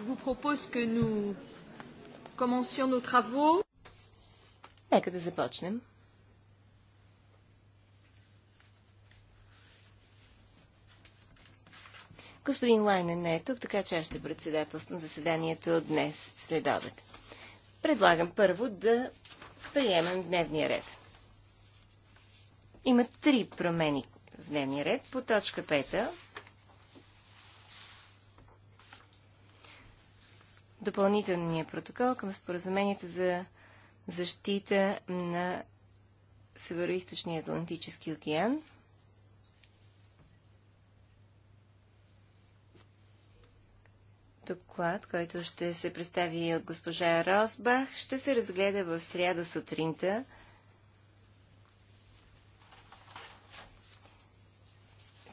Je vous propose que nous commencions nos travaux. Нека да започнем. Господин Лайнен не е тук, така че аз ще председателствам заседанието днес след обед. Предлагам първо да приемем дневния ред. Има три промени в дневния ред. По точка 5 допълнителния протокол към споразумението за защита на Североизточния Атлантически океан. Доклад, който ще се представи от госпожа Росбах, ще се разгледа в сряда сутринта –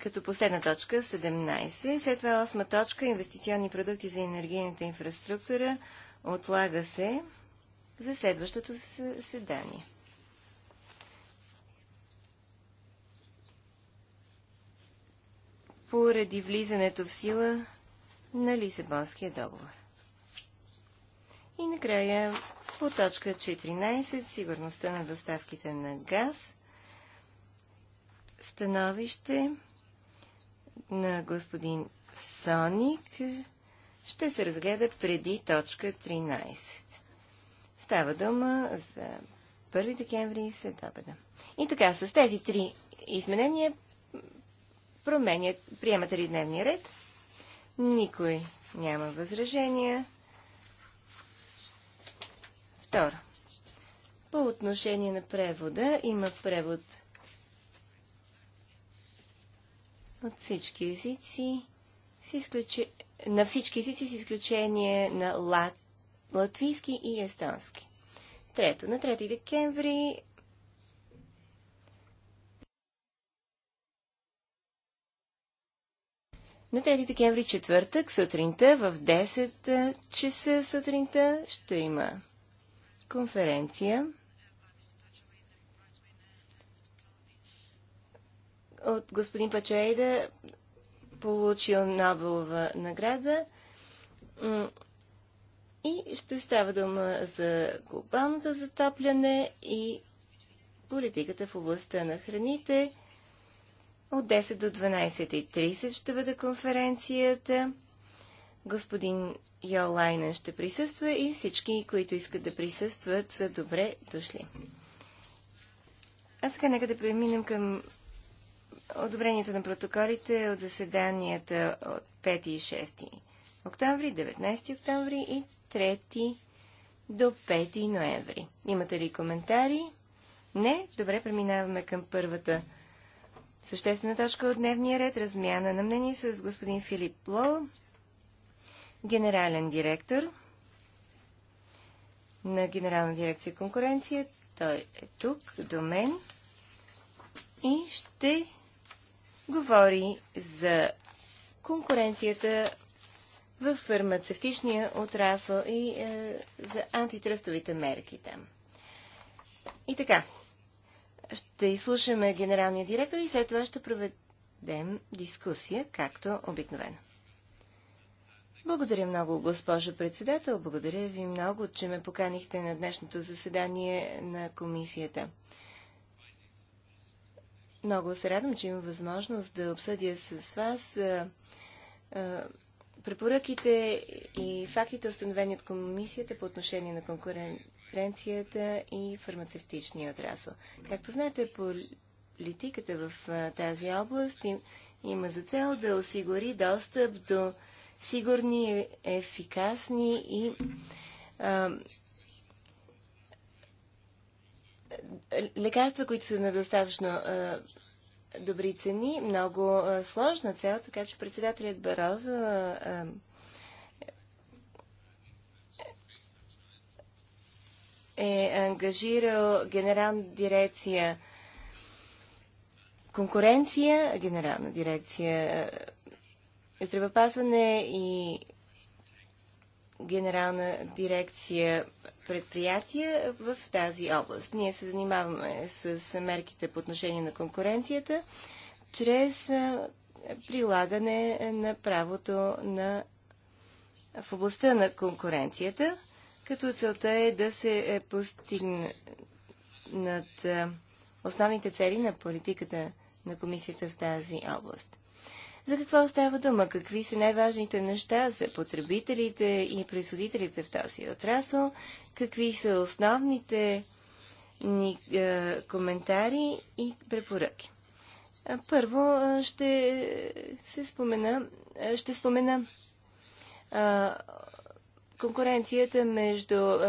като последна точка 17. След това 8 точка инвестиционни продукти за енергийната инфраструктура отлага се за следващото съседание. Поради влизането в сила на Лисабонския договор. И накрая по точка 14 сигурността на доставките на газ становище на господин Соник ще се разгледа преди точка 13. Става дума за 1 декември след обеда. И така, с тези три изменения променят, приемате ли дневния ред? Никой няма възражения. Второ. По отношение на превода има превод от всички езици, с изключи на всички езици с изключение на лат... латвийски и естонски. Трето, на 3 декември На 3 декември четвъртък сутринта в 10 часа сутринта ще има конференция. от господин Пачаейда, получил Нобелова награда. И ще става дума за глобалното затопляне и политиката в областта на храните. От 10 до 12.30 ще бъде конференцията. Господин Йолайнен ще присъства и всички, които искат да присъстват, са добре дошли. А сега нека да преминем към одобрението на протоколите от заседанията от 5 и 6 октомври, 19 октомври и 3 до 5 ноември. Имате ли коментари? Не? Добре, преминаваме към първата съществена точка от дневния ред. Размяна на мнение с господин Филип Лоу, генерален директор на Генерална дирекция конкуренция. Той е тук до мен и ще говори за конкуренцията в фармацевтичния отрасъл и е, за антитръстовите мерки там. И така, ще изслушаме генералния директор и след това ще проведем дискусия, както обикновено. Благодаря много, госпожо председател. Благодаря ви много, че ме поканихте на днешното заседание на комисията. Много се радвам, че имам възможност да обсъдя с вас а, а, препоръките и фактите, установени от комисията по отношение на конкуренцията и фармацевтичния отрасъл. Както знаете, политиката в а, тази област има за цел да осигури достъп до сигурни, ефикасни и а, лекарства, които са на достатъчно а, добри цени. Много сложна цел, така че председателят Барозо е ангажирал генерална дирекция конкуренция, генерална дирекция здравеопазване и генерална дирекция предприятия в тази област. Ние се занимаваме с мерките по отношение на конкуренцията чрез прилагане на правото на в областта на конкуренцията, като целта е да се е, постигнат основните цели на политиката на комисията в тази област. За какво остава дума? Какви са най-важните неща за потребителите и производителите в този отрасъл? какви са основните ни е, коментари и препоръки. Първо е, ще се спомена, е, ще спомена е, конкуренцията между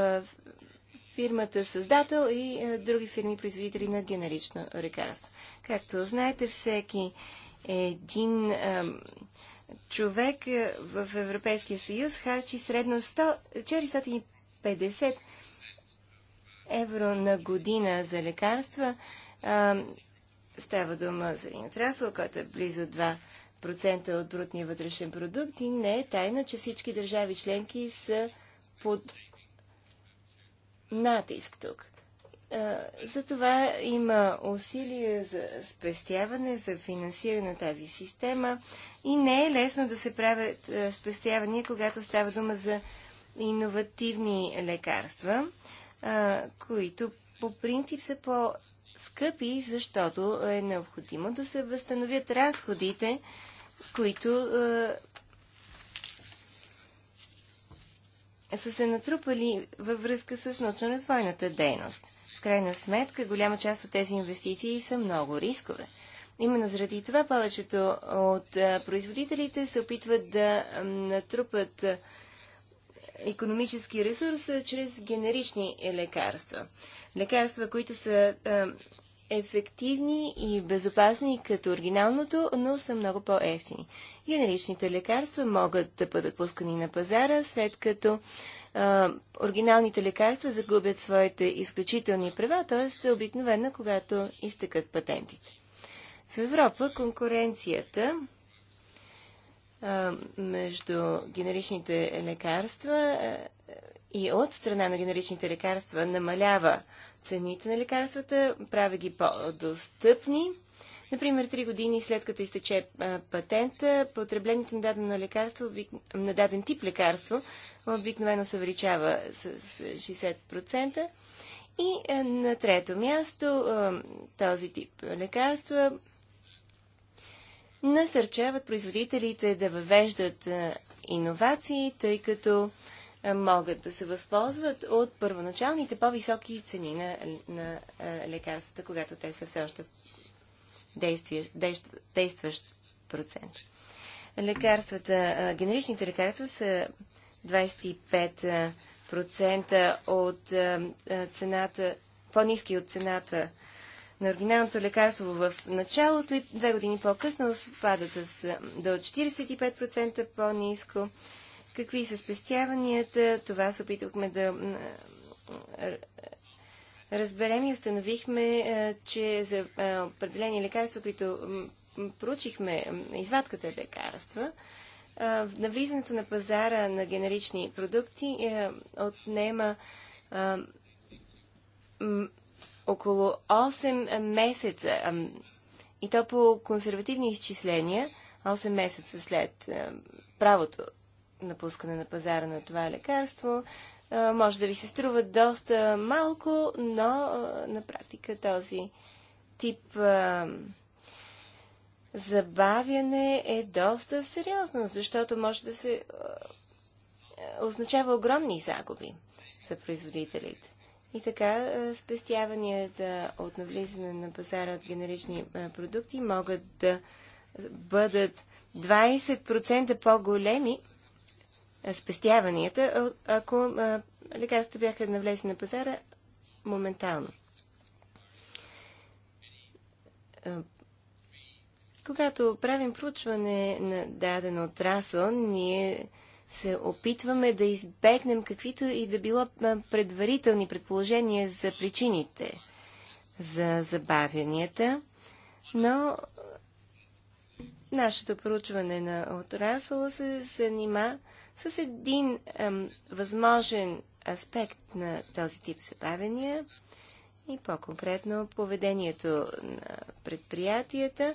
фирмата Създател и други фирми производители на генерично лекарство. Както знаете, всеки един човек в Европейския съюз харчи средно 100, 450 50 евро на година за лекарства. А, става дума за един отрасъл, който е близо 2% от брутния вътрешен продукт и не е тайна, че всички държави членки са под натиск тук. Затова има усилия за спестяване, за финансиране на тази система и не е лесно да се правят спестявания, когато става дума за иновативни лекарства, които по принцип са по-скъпи, защото е необходимо да се възстановят разходите, които са се натрупали във връзка с научно-развойната дейност. В крайна сметка, голяма част от тези инвестиции са много рискове. Именно заради това повечето от производителите се опитват да натрупат економически ресурс чрез генерични лекарства. Лекарства, които са ефективни и безопасни като оригиналното, но са много по-ефтини. Генеричните лекарства могат да бъдат пускани на пазара, след като а, оригиналните лекарства загубят своите изключителни права, т.е. обикновено, когато изтъкат патентите. В Европа конкуренцията между генеричните лекарства и от страна на генеричните лекарства намалява цените на лекарствата, прави ги по-достъпни. Например, три години след като изтече патента, потреблението на дадено лекарство, на даден тип лекарство, обикновено се увеличава с 60%. И на трето място, този тип лекарства насърчават производителите да въвеждат иновации, тъй като могат да се възползват от първоначалните по-високи цени на, на лекарствата, когато те са все още действащ, действащ процент. Лекарствата, генеричните лекарства са 25% от цената, по-низки от цената на оригиналното лекарство в началото и две години по-късно спадат с е, до 45% по-низко. Какви са спестяванията? Това се опитахме да е, разберем и установихме, е, че за определени лекарства, които проучихме, извадката лекарства, навлизането на пазара на генерични продукти отнема около 8 месеца, и то по консервативни изчисления, 8 месеца след е, правото напускане на пазара на това лекарство, е, може да ви се струва доста малко, но е, на практика този тип забавяне е доста сериозно, защото може да се означава огромни загуби за производителите. И така, спестяванията от навлизане на пазара от генерични продукти могат да бъдат 20% по-големи спестяванията, ако лекарствата бяха навлезли на пазара моментално. Когато правим проучване на даден отрасъл, ние се опитваме да избегнем каквито и да било предварителни предположения за причините за забавянията, но нашето проучване на отрасъла се занима с един ем, възможен аспект на този тип забавения и по-конкретно поведението на предприятията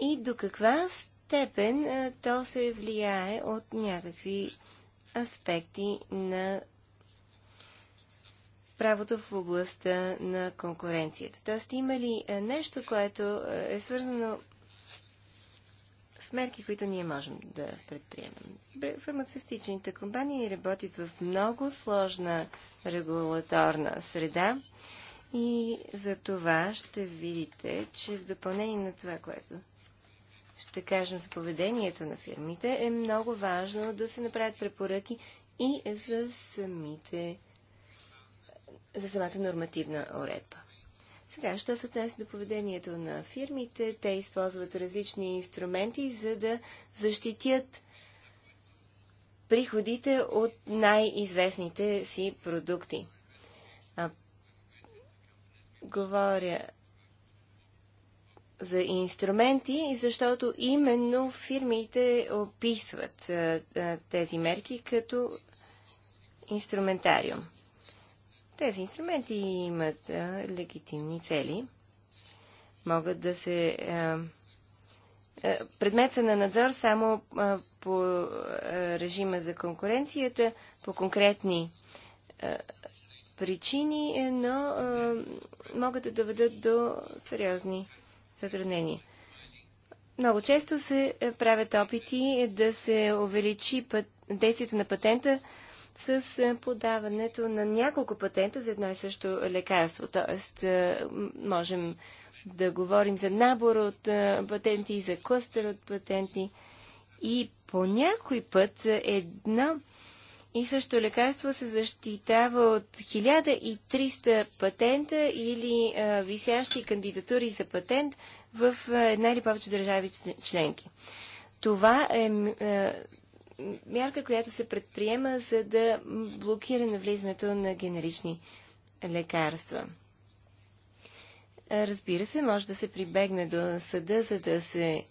и до каква степен степен то се влияе от някакви аспекти на правото в областта на конкуренцията. Тоест, има ли нещо, което е свързано с мерки, които ние можем да предприемем? Фармацевтичните компании работят в много сложна регулаторна среда и за това ще видите, че в допълнение на това, което ще кажем, за поведението на фирмите, е много важно да се направят препоръки и за самите за самата нормативна уредба. Сега, що се отнесе до поведението на фирмите, те използват различни инструменти, за да защитят приходите от най-известните си продукти. А, говоря за инструменти, защото именно фирмите описват тези мерки като инструментариум. Тези инструменти имат легитимни цели. Могат да се. предмет са на надзор само по режима за конкуренцията, по конкретни причини, е, но могат да доведат до сериозни затруднения. Много често се е, правят опити да се увеличи път, действието на патента с е, подаването на няколко патента за едно и също лекарство. Тоест, е, можем да говорим за набор от патенти, за клъстер от патенти. И по някой път едно и също лекарство се защитава от 1300 патента или а, висящи кандидатури за патент в а, една или повече държави членки. Това е а, мярка, която се предприема за да блокира навлизането на генерични лекарства. Разбира се, може да се прибегне до съда, за да се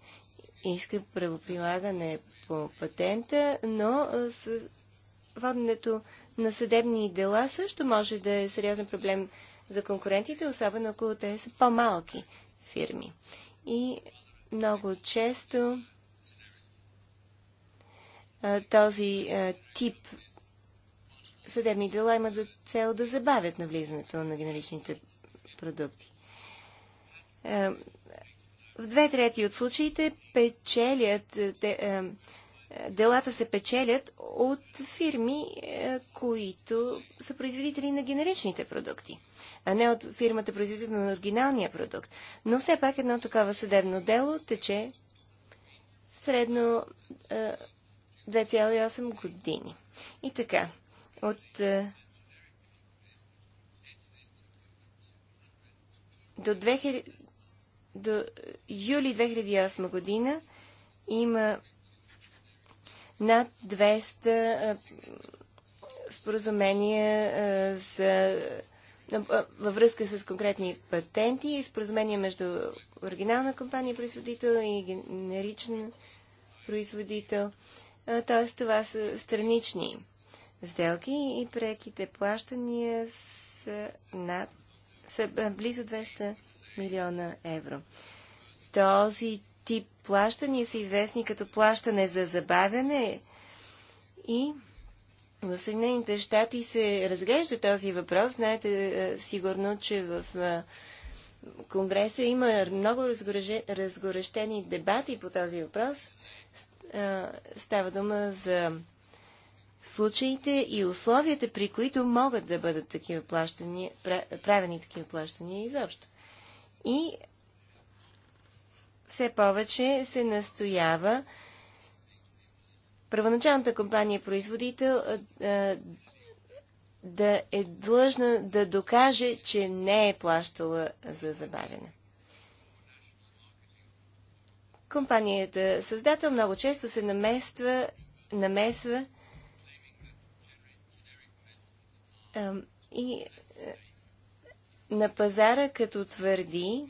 иска правоприлагане по патента, но с воденето на съдебни дела също може да е сериозен проблем за конкурентите, особено ако те са по-малки фирми. И много често този тип съдебни дела имат за цел да забавят навлизането на генеричните продукти. В две трети от случаите печелят делата се печелят от фирми, е, които са производители на генеричните продукти, а не от фирмата производител на оригиналния продукт. Но все пак едно такова съдебно дело тече средно 2,8 е, години. И така, от е, до, 2000, до юли 2008 година има над 200 споразумения за във връзка с конкретни патенти и споразумения между оригинална компания производител и генеричен производител. Т.е. това са странични сделки и преките плащания са, над, са близо 200 милиона евро. Този тип плащания са известни като плащане за забавяне и в Съединените щати се разглежда този въпрос. Знаете е, сигурно, че в е, Конгреса има много разгорещени дебати по този въпрос. Е, става дума за случаите и условията, при които могат да бъдат такива плащания, правени такива плащания изобщо. И все повече се настоява първоначалната компания-производител да е длъжна да докаже, че не е плащала за забавяне. Компанията създател много често се намества, намесва и на пазара, като твърди,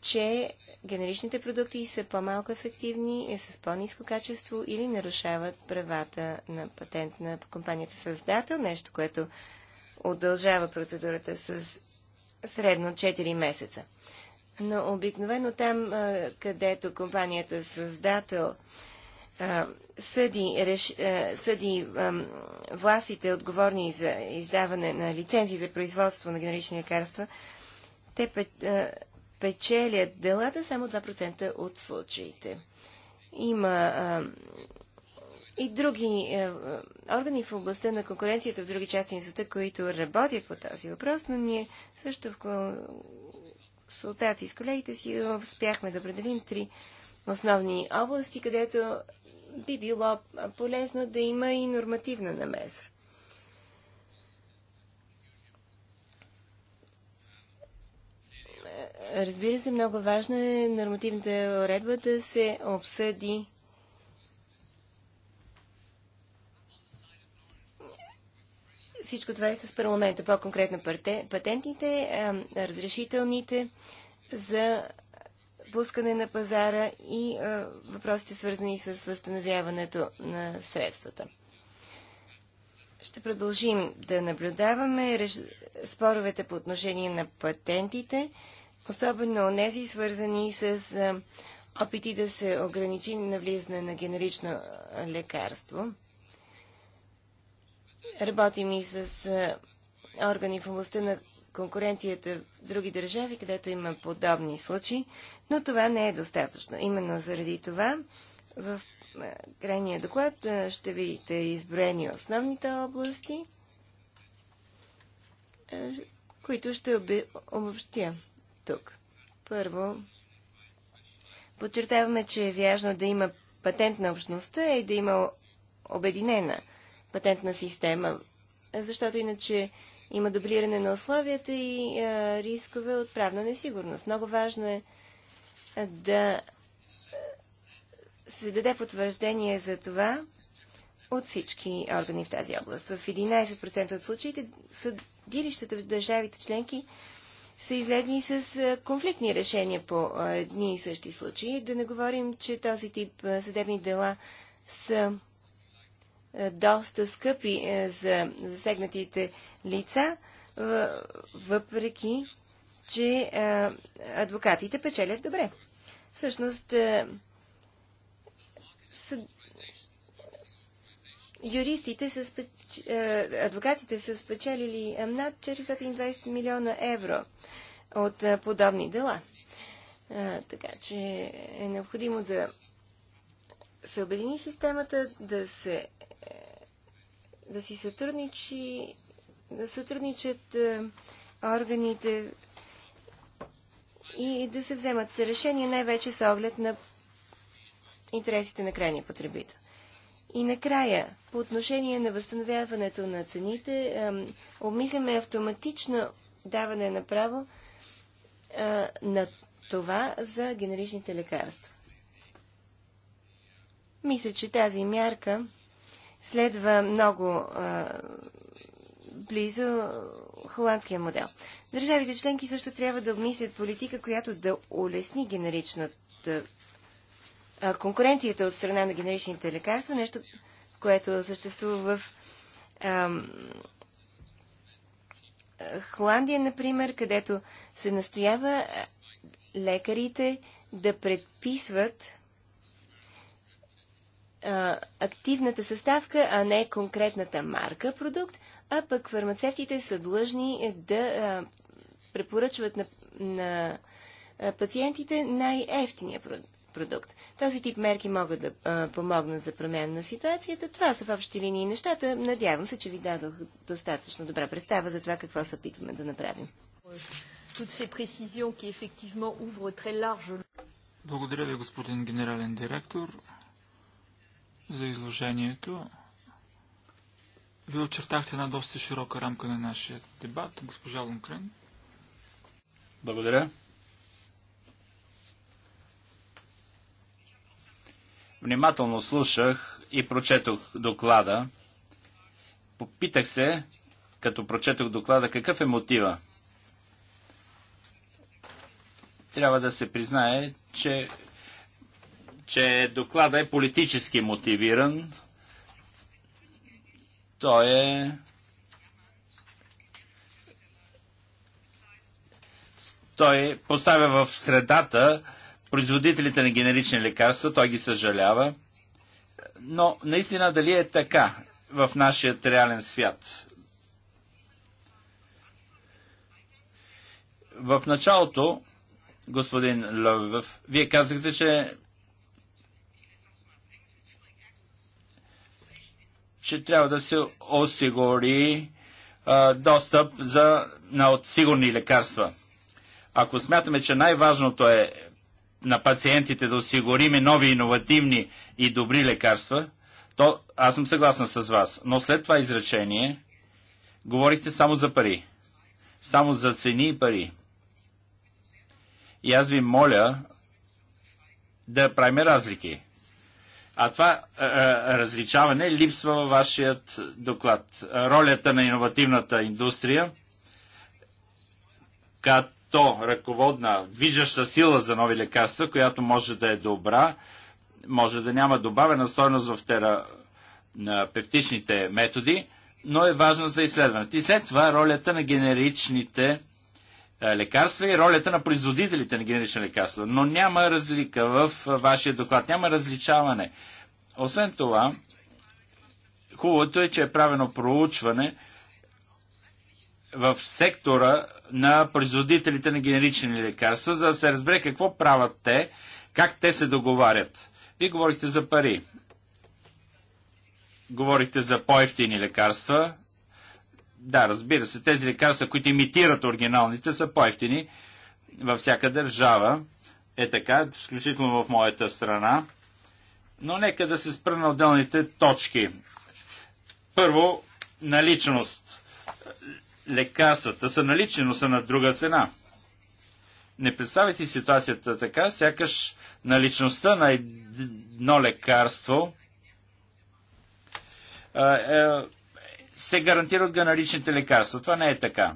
че генеричните продукти са по-малко ефективни, е с по-низко качество или нарушават правата на патент на компанията създател, нещо, което удължава процедурата с средно 4 месеца. Но обикновено там, където компанията създател съди, реш, съди властите, отговорни за издаване на лицензии за производство на генерични лекарства, те печелят делата само 2% от случаите. Има а, и други а, органи в областта на конкуренцията в други части на света, които работят по този въпрос, но ние също в консултации с колегите си успяхме да определим три основни области, където би било полезно да има и нормативна намеса. Разбира се, много важно е нормативната уредба да се обсъди всичко това е с парламента, по-конкретно патентите, разрешителните за пускане на пазара и въпросите свързани с възстановяването на средствата. Ще продължим да наблюдаваме споровете по отношение на патентите особено онези свързани с опити да се ограничи навлизане на генерично лекарство. Работим и с органи в областта на конкуренцията в други държави, където има подобни случаи, но това не е достатъчно. Именно заради това в крайния доклад ще видите изброени основните области, които ще обобщя тук. Първо, подчертаваме, че е важно да има патент на общността и да има обединена патентна система, защото иначе има дублиране на условията и а, рискове от правна несигурност. Много важно е да се даде потвърждение за това от всички органи в тази област. В 11% от случаите съдилищата в държавите членки са излезли с конфликтни решения по едни и същи случаи. Да не говорим, че този тип съдебни дела са доста скъпи за засегнатите лица, въпреки, че адвокатите печелят добре. Всъщност, юристите са е, адвокатите са спечелили е, над 420 милиона евро от е, подобни дела. Така че е необходимо да се обедини системата, да се да си сътрудничи, да сътрудничат органите и да се вземат решения най-вече с оглед на интересите на крайния потребител. И накрая, по отношение на възстановяването на цените, обмисляме автоматично даване на право на това за генеричните лекарства. Мисля, че тази мярка следва много близо холандския модел. Държавите членки също трябва да обмислят политика, която да улесни генеричната конкуренцията от страна на генеричните лекарства, нещо, което съществува в Холандия, например, където се настоява лекарите да предписват активната съставка, а не конкретната марка продукт, а пък фармацевтите са длъжни да препоръчват на, на пациентите най-ефтиния продукт продукт. Този тип мерки могат да а, помогнат за промяна на ситуацията. Това са в общи линии нещата. Надявам се, че ви дадох достатъчно добра представа за това какво се опитваме да направим. Благодаря ви, господин генерален директор, за изложението. Вие очертахте една доста широка рамка на нашия дебат. Госпожа Лункрен. Благодаря. Внимателно слушах и прочетох доклада. Попитах се, като прочетох доклада, какъв е мотива. Трябва да се признае, че, че доклада е политически мотивиран. Той е той е поставя в средата производителите на генерични лекарства, той ги съжалява. Но наистина дали е така в нашия реален свят? В началото, господин Лъвев, вие казахте, че че трябва да се осигури а, достъп за, на от сигурни лекарства. Ако смятаме, че най-важното е на пациентите да осигуриме нови иновативни и добри лекарства, то аз съм съгласна с вас. Но след това изречение говорихте само за пари. Само за цени и пари. И аз ви моля да правим разлики. А това а, а, различаване липсва във вашият доклад. Ролята на иновативната индустрия – като то ръководна, движеща сила за нови лекарства, която може да е добра, може да няма добавена стойност в терапевтичните методи, но е важна за изследването. И след това ролята на генеричните е, лекарства и ролята на производителите на генерични лекарства. Но няма разлика в е, вашия доклад, няма различаване. Освен това, хубавото е, че е правено проучване в сектора на производителите на генерични лекарства, за да се разбере какво правят те, как те се договарят. Вие говорихте за пари. Говорихте за по-ефтини лекарства. Да, разбира се, тези лекарства, които имитират оригиналните, са по-ефтини във всяка държава. Е така, включително в моята страна. Но нека да се спра на отделните точки. Първо, наличност лекарствата са налични, но са на друга цена. Не представяйте ситуацията така, сякаш наличността на едно лекарство е, се гарантират от наличните лекарства. Това не е така.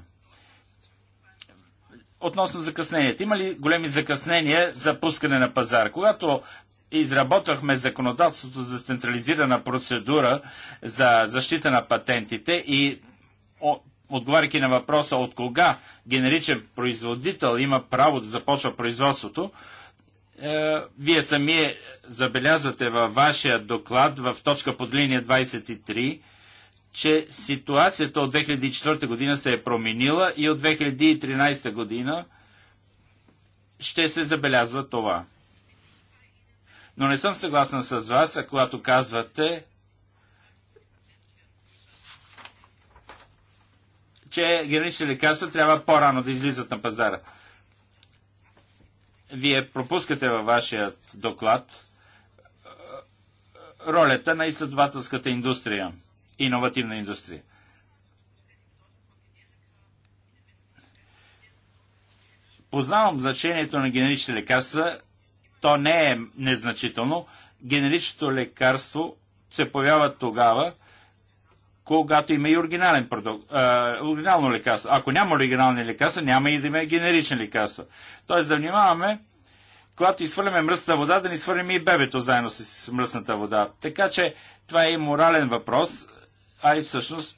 Относно закъсненията. Има ли големи закъснения за пускане на пазар? Когато изработвахме законодателството за централизирана процедура за защита на патентите и отговаряйки на въпроса от кога генеричен производител има право да започва производството, е, вие сами забелязвате във вашия доклад в точка под линия 23, че ситуацията от 2004 година се е променила и от 2013 година ще се забелязва това. Но не съм съгласна с вас, а когато казвате, че генерични лекарства трябва по-рано да излизат на пазара. Вие пропускате във вашият доклад е, ролята на изследователската индустрия, иновативна индустрия. Познавам значението на генерични лекарства. То не е незначително. Генеричното лекарство се появява тогава, когато има и оригинален продукт, а, оригинално лекарство. Ако няма оригинални лекарства, няма и да има генерични лекарства. Тоест да внимаваме, когато изхвърляме мръсната вода, да ни свърлим и бебето заедно с мръсната вода. Така че това е и морален въпрос, а и всъщност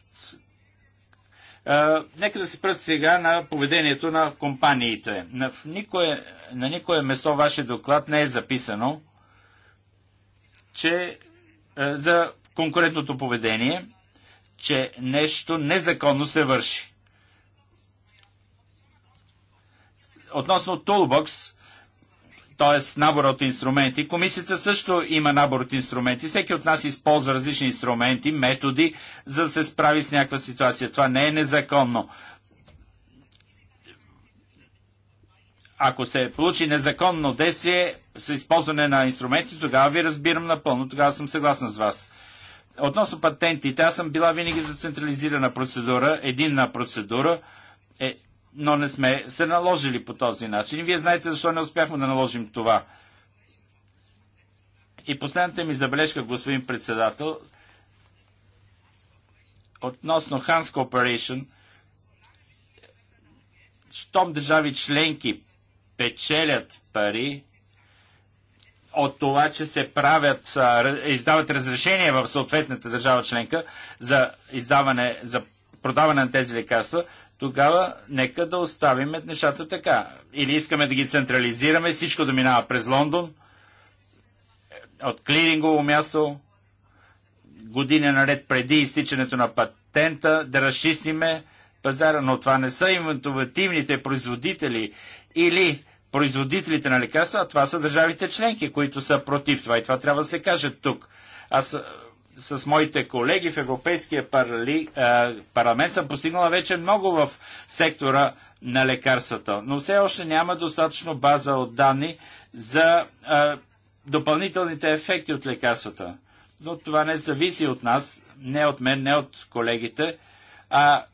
А, нека да се спра сега на поведението на компаниите. На, никое, на никое место вашия доклад не е записано, че а, за конкурентното поведение че нещо незаконно се върши. Относно Toolbox, т.е. набор от инструменти, комисията също има набор от инструменти. Всеки от нас използва различни инструменти, методи, за да се справи с някаква ситуация. Това не е незаконно. ако се получи незаконно действие с използване на инструменти, тогава ви разбирам напълно, тогава съм съгласен с вас. Относно патентите, аз съм била винаги за централизирана процедура, единна процедура, е, но не сме се наложили по този начин. И вие знаете защо не успяхме да наложим това. И последната ми забележка, господин председател, относно Hans Corporation, щом държави членки печелят пари, от това, че се правят, издават разрешения в съответната държава членка за издаване, за продаване на тези лекарства, тогава нека да оставим нещата така. Или искаме да ги централизираме, всичко да минава през Лондон, от клирингово място, година наред преди изтичането на патента, да разчистиме пазара, но това не са инвентовативните производители или производителите на лекарства, а това са държавите членки, които са против това. И това трябва да се каже тук. Аз с моите колеги в Европейския парали, а, парламент съм постигнала вече много в сектора на лекарствата, но все още няма достатъчно база от данни за а, допълнителните ефекти от лекарствата. Но това не зависи от нас, не от мен, не от колегите, а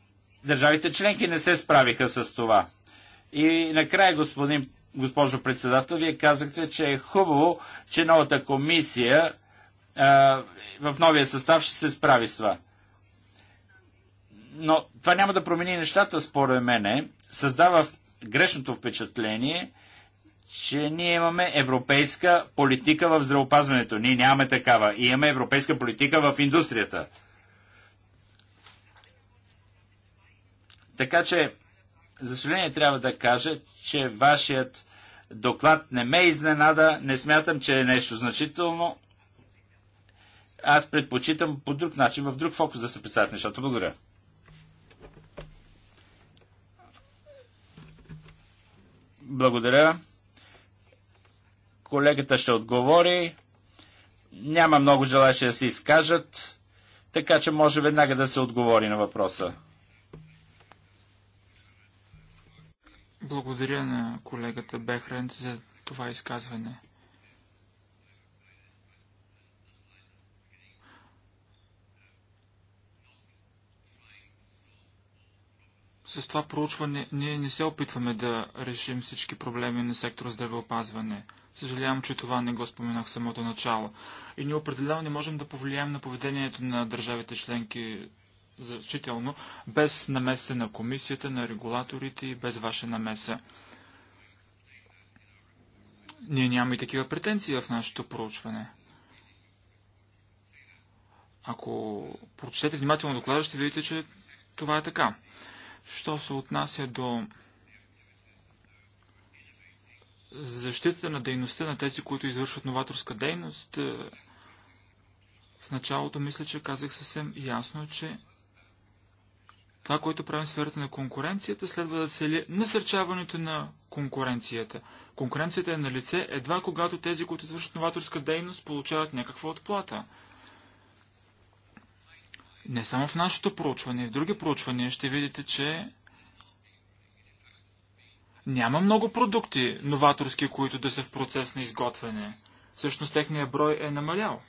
държавите членки не се справиха с това. И накрая, господин госпожо председател, вие казахте, че е хубаво, че новата комисия а, в новия състав ще се справи с това. Но това няма да промени нещата, според мене. Създава грешното впечатление, че ние имаме европейска политика в здравеопазването. Ние нямаме такава. И имаме европейска политика в индустрията. Така че, за съжаление трябва да кажа, че вашият доклад не ме изненада, не смятам, че е нещо значително. Аз предпочитам по друг начин, в друг фокус да се представят нещата. Благодаря. Благодаря. Колегата ще отговори. Няма много желаящи да се изкажат, така че може веднага да се отговори на въпроса. Благодаря на колегата Бехрент за това изказване. С това проучване ние не се опитваме да решим всички проблеми на сектора здравеопазване. Съжалявам, че това не го споменах в самото начало. И ние определено не можем да повлияем на поведението на държавите членки значително, без намеса на комисията, на регулаторите и без ваша намеса. Ние нямаме такива претенции в нашето проучване. Ако прочетете внимателно доклада, ще видите, че това е така. Що се отнася до защитата на дейността на тези, които извършват новаторска дейност, е, в началото мисля, че казах съвсем ясно, че това, което правим в сферата на конкуренцията, следва да цели насърчаването на конкуренцията. Конкуренцията е на лице едва когато тези, които извършват новаторска дейност, получават някаква отплата. Не само в нашето проучване, и в други проучвания ще видите, че няма много продукти новаторски, които да са в процес на изготвяне. Всъщност техният брой е намалял.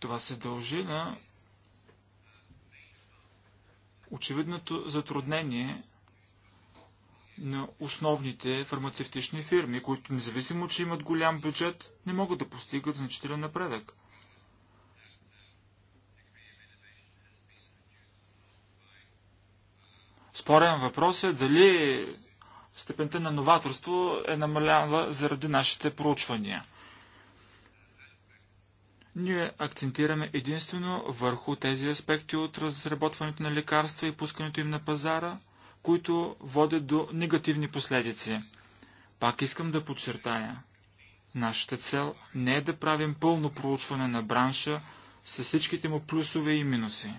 Това се дължи на очевидното затруднение на основните фармацевтични фирми, които независимо, че имат голям бюджет, не могат да постигат значителен напредък. Спорен въпрос е дали степента на новаторство е намалява заради нашите проучвания – ние акцентираме единствено върху тези аспекти от разработването на лекарства и пускането им на пазара, които водят до негативни последици. Пак искам да подчертая. Нашата цел не е да правим пълно проучване на бранша с всичките му плюсове и минуси.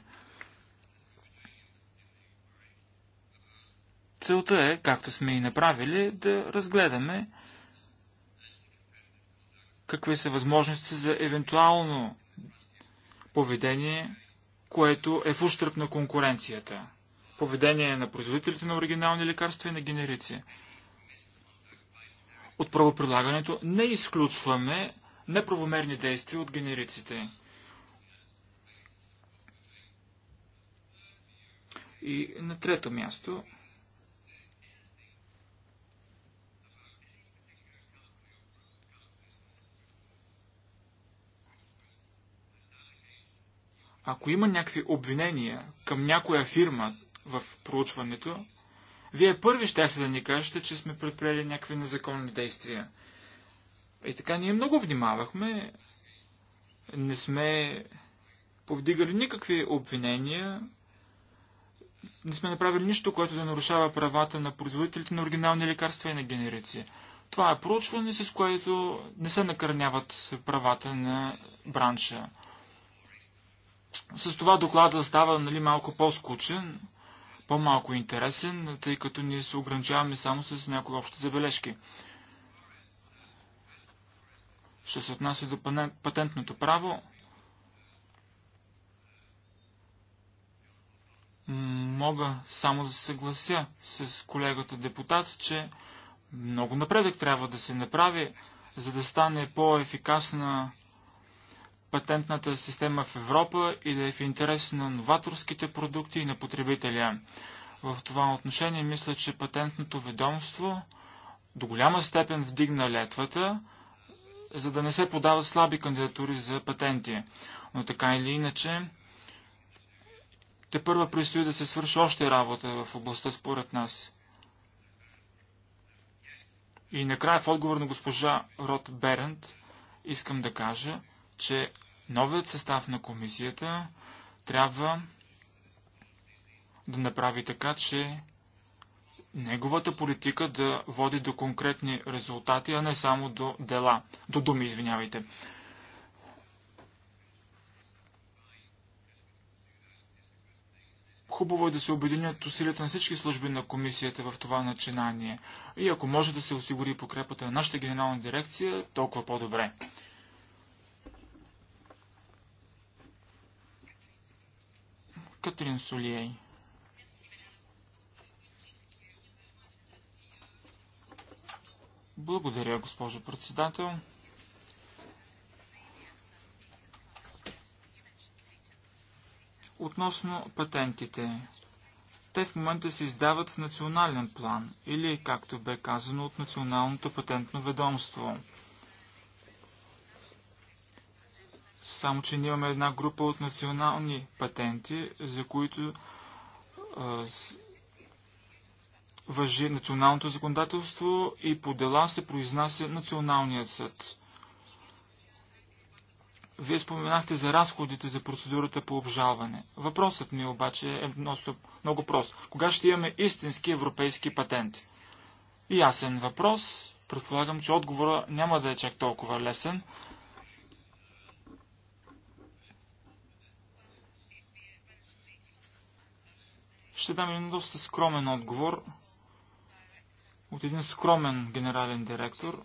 Целта е, както сме и направили, да разгледаме какви са възможности за евентуално поведение, което е в ущърп на конкуренцията. Поведение на производителите на оригинални лекарства и на генерици. От правоприлагането не изключваме неправомерни действия от генериците. И на трето място – Ако има някакви обвинения към някоя фирма в проучването, вие първи щяхте да ни кажете, че сме предприели някакви незаконни действия. И така ние много внимавахме, не сме повдигали никакви обвинения, не сме направили нищо, което да нарушава правата на производителите на оригинални лекарства и на генерици. Това е проучване, с което не се накърняват правата на бранша. С това доклада става нали, малко по-скучен, по-малко интересен, тъй като ние се ограничаваме само с някои общи забележки. Ще се отнася до патентното право, мога само да съглася с колегата депутат, че много напредък трябва да се направи, за да стане по-ефикасна патентната система в Европа и да е в интерес на новаторските продукти и на потребителя. В това отношение мисля, че патентното ведомство до голяма степен вдигна летвата, за да не се подават слаби кандидатури за патенти. Но така или иначе, те първа предстои да се свърши още работа в областта според нас. И накрая в отговор на госпожа Рот Берент искам да кажа, че новият състав на комисията трябва да направи така, че неговата политика да води до конкретни резултати, а не само до дела, до думи, извинявайте. Хубаво е да се обединят усилията на всички служби на комисията в това начинание. И ако може да се осигури покрепата на нашата генерална дирекция, толкова по-добре. Катрин Солией. Благодаря, госпожо председател. Относно патентите. Те в момента се издават в национален план или, както бе казано, от Националното патентно ведомство – Само, че ние имаме една група от национални патенти, за които а, въжи националното законодателство и по дела се произнася националният съд. Вие споменахте за разходите за процедурата по обжалване. Въпросът ми обаче е много прост. Кога ще имаме истински европейски патент? Ясен въпрос. Предполагам, че отговора няма да е чак толкова лесен. Ще дам един доста скромен отговор от един скромен генерален директор.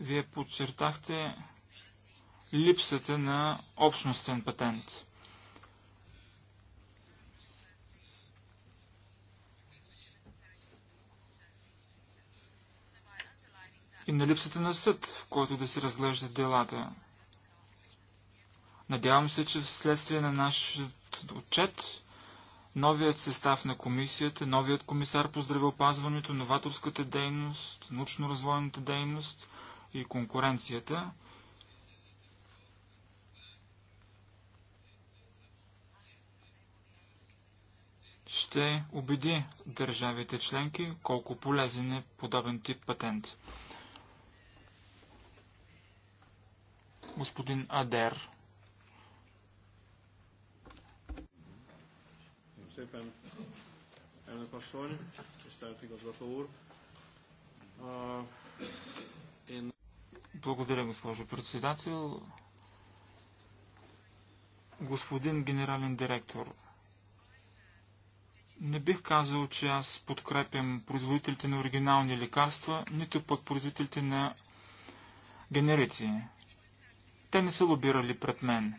Вие подчертахте липсата на общностен патент. И на липсата на съд, в който да се разглеждат делата. Надявам се, че вследствие на нашият отчет, новият състав на комисията, новият комисар по здравеопазването, новаторската дейност, научно-развойната дейност и конкуренцията, ще убеди държавите членки колко полезен е подобен тип патент. Господин Адер. elnök asszony, tisztelt igazgató úr. Благодаря, госпожо председател. Господин генерален директор, не бих казал, че аз подкрепям производителите на оригинални лекарства, нито пък производителите на генерици. Те не са лобирали пред мен.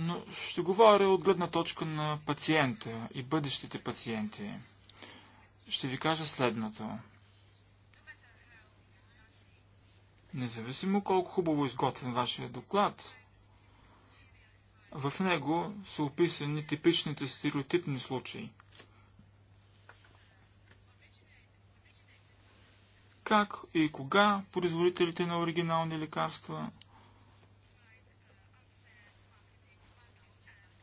Но ще говоря от гледна точка на пациента и бъдещите пациенти. Ще ви кажа следното. Независимо колко хубаво изготвен вашия доклад, в него са описани типичните стереотипни случаи. Как и кога производителите на оригинални лекарства –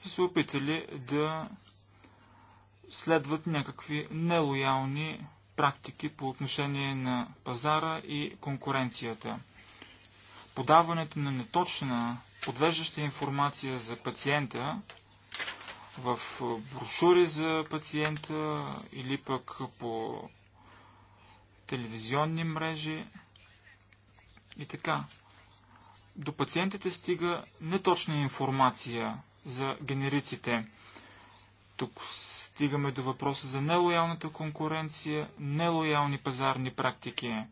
се опитали да следват някакви нелоялни практики по отношение на пазара и конкуренцията. Подаването на неточна, подвеждаща информация за пациента в брошури за пациента или пък по телевизионни мрежи и така. До пациентите стига неточна информация – за генериците. Тук стигаме до въпроса за нелоялната конкуренция, нелоялни пазарни практики,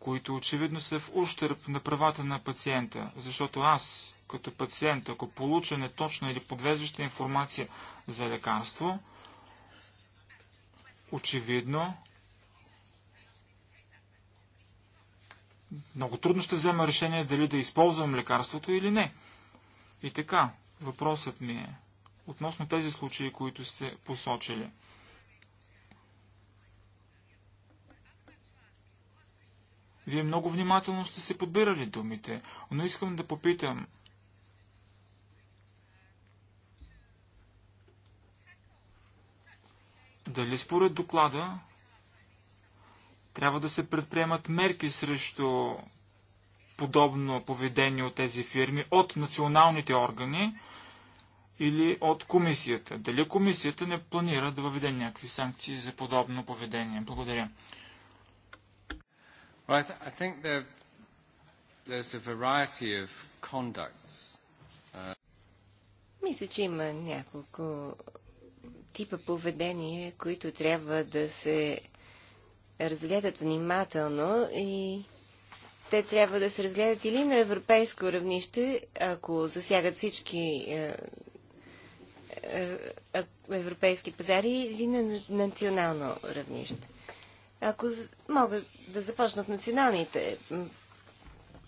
които очевидно са в ущърп на правата на пациента, защото аз, като пациент, ако получа неточна или подвеждаща информация за лекарство, очевидно много трудно ще взема решение дали да използвам лекарството или не. И така, Въпросът ми е относно тези случаи, които сте посочили. Вие много внимателно сте се подбирали думите, но искам да попитам. Дали според доклада трябва да се предприемат мерки срещу подобно поведение от тези фирми от националните органи или от комисията. Дали комисията не планира да въведе някакви санкции за подобно поведение? Благодаря. I think there, there's a variety of conducts. Uh... Мисля, че има няколко типа поведение, които трябва да се разгледат внимателно и те трябва да се разгледат или на европейско равнище, ако засягат всички е, е, е, европейски пазари, или на национално равнище. Ако мога да започнат националните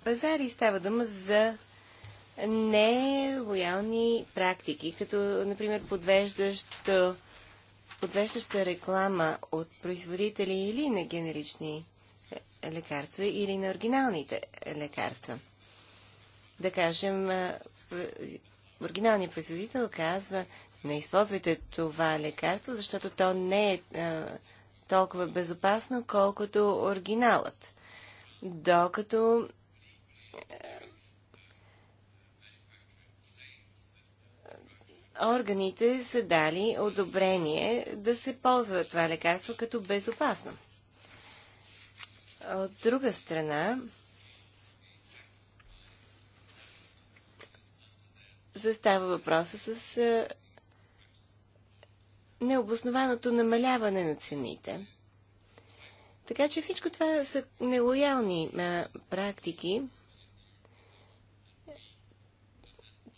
пазари, става дума за нелоялни практики, като, например, подвеждащо подвеждаща реклама от производители или на генерични лекарства или на оригиналните лекарства. Да кажем, оригиналният производител казва, не използвайте това лекарство, защото то не е толкова безопасно, колкото оригиналът. Докато органите са дали одобрение да се ползва това лекарство като безопасно. От друга страна, застава въпроса с необоснованото намаляване на цените. Така че всичко това са нелоялни а, практики,